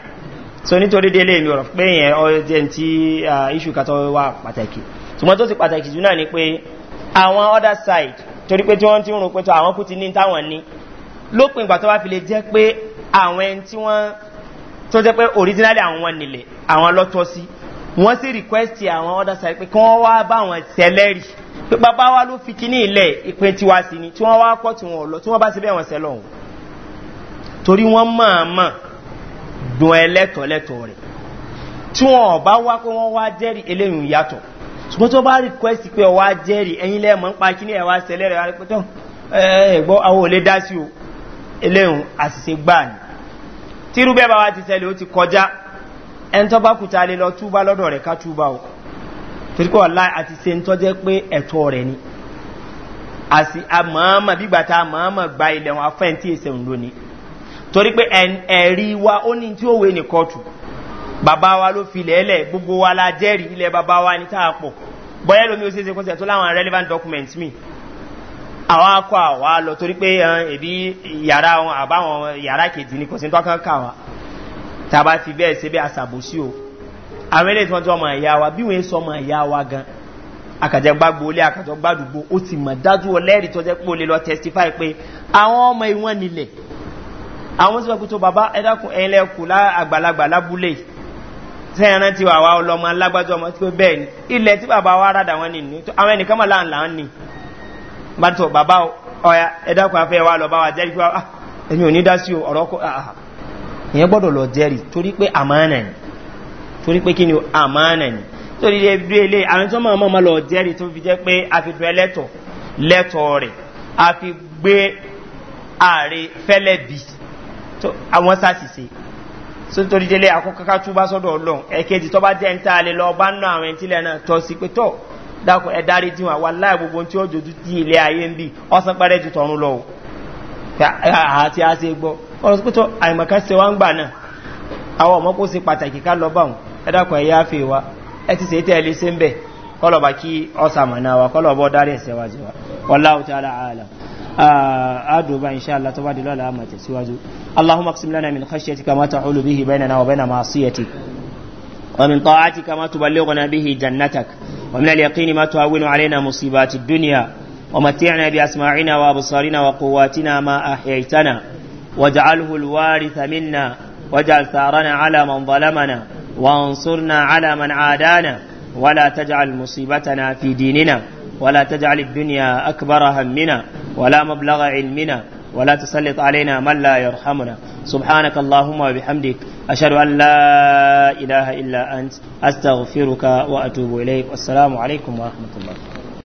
so nítorí délé mi ọ̀rọ̀ pé yẹn ọjẹ́ tí iṣu wà pàtàkì ṣùgbọ́n tó ti pàtàkì jù náà ni pé àwọn other side torí pé tí wọ́n ti ń rò pé tó àwọn kú ti ní táwọn ní lópin ìgbà tó bá fi lè jẹ́ pé àwọn ẹni tí wọ́n tó jẹ́ pé originally àwọn wọn nílẹ̀ àwọn lọ́tọ́ sí wọ́n sì request àwọn other side pé kí wọ́n wá bá àwọn sẹlẹ́rì pé bàbá wa ló fi kíní ilẹ̀ ìpín tiwa sí ni tí wọ́n wá kọ́ tí wọ́n lọ tí wọ́n bá ṣe bẹ́ẹ̀ wọn sẹ́lọ̀ ọ̀hún torí wọ́n máa mọ̀ dùn ẹlẹ́tọ̀ lẹ́tọ̀ rẹ̀ tí wọ́n bá wá pé wọ́n wá jẹ́rìí eléyìí yàtọ̀ ṣùgbọ́n tó bá request pé ọwá jẹ́rìí ẹ̀yìn lẹ́mọ̀ ń pa kí ní ẹ̀wà sẹlẹ̀ rẹ̀ wáyé pẹ́tọ́ ẹ̀gbọ́ àwọn olè dá sí o eléyìí àṣìṣe àti se ń tọ́jẹ́ ni àmọ́ bí gbàtà àmọ́ gba ilẹ̀ wọn afẹ́ntì ìṣẹ̀hùn lónìí torí pé ẹ̀rí wa ó ní tí ó wé ní kọ́ọ̀tù bàbá wa ló filẹ̀ ẹlẹ̀ gbogbo wa la jẹ́rìí ilẹ̀ bàbá wa ní táà pọ̀ bọ́yá ó ṣeéṣe kọ́sẹ̀ tó láwọn relevant documents mi àwa kọ́ àwa lọ torí pé ẹ̀bí yàrá wọn àbáwọn yàrá kejì ní kọ́sẹ̀ tó kàn kà wá tàbá fi bẹ́ẹ̀ ṣe bẹ́ẹ̀ àṣàbò sí o àwọn eléyìí tí wọ́n ọmọ ìyá wa bí wọ́n sọ ọmọ ìyá wa gan akàjẹgbàgbò olé akàjọgbàdùgbò ó ti mọ̀ dájú ọlẹ́rìí tó pé ó lè lọ testify pé àwọn ọmọ ìwọ̀n nílẹ̀ àwọn tí wọ́n tó bàbá ẹ̀dàkùn ẹ̀lẹ́ kù àgbàlagbà lábúlé sẹ́yìn tí wà wá ọlọ́mọ alágbájọ́ ọmọ tí ó bẹ́ẹ̀ ni ilẹ̀ tí bàbá wa rádà wọn nìní àwọn ẹnìkan mọ̀ láǹlà ń ni bá tó bàbá ọya ẹ̀dàkùn afẹ́ wa lọ bá wa jẹ́rìí pé ah, ẹ̀mí dá sí ọ̀rọ̀ ah, ah. ni torí pé kí ni àmánà ni torí ebi ilé àwọn tí wọ́n máa lọ jẹ́rìí tó fi jẹ́ pé a fi dùn ẹlẹ́tọ̀ lẹ́tọ̀ rẹ̀ a ààrẹ fẹ́lẹ́ tó àwọn sàṣìṣe so nítorí délé àkókò tó bá sọ́dọ̀ ọlọ́run ẹ̀kejì tó bá jẹ́ ń tá a lè lọ bá ń ná àwọn ẹni tílẹ̀ náà tọ́ sí pé tọ́ dákun ẹ̀ dárí tí wọn wà láì gbogbo tí ó jòjú tí ilé ayé ń bì ọ̀sán pẹ́rẹ́ ju tọ̀run lọ o àti àṣe gbọ́ ọ̀rọ̀ sí pé tọ́ àìmọ̀ká ṣe wá ń gbà náà àwọn ọmọ kó ṣe pàtàkì ká lọ bá wọn ẹ dákun ẹ̀ yáfe wa ẹ ti ṣètẹ́ ẹ lè ṣe ń bẹ̀ kọ́lọ̀ bá kí ọ̀sàmọ̀nà wa kọ́lọ̀ bọ́ dárí ẹ̀ṣẹ̀ wájú wa wọ́n láwùjọ آه، أدوبا إن شاء الله تبادل على أمت سواجو اللهم اقسم لنا من خشيتك ما تحول به بيننا وبين معصيتك ومن طاعتك ما تبلغنا به جنتك ومن اليقين ما تهون علينا مصيبات الدنيا ومتعنا بأسماعنا وأبصارنا وقواتنا ما أحييتنا واجعله الوارث منا واجعل ثارنا على من ظلمنا وانصرنا على من عادانا ولا تجعل مصيبتنا في ديننا ولا تجعل الدنيا أكبر همنا ولا مبلغ علمنا ولا تسلط علينا من لا يرحمنا سبحانك اللهم وبحمدك أشهد أن لا إله إلا أنت أستغفرك وأتوب إليك والسلام عليكم ورحمة الله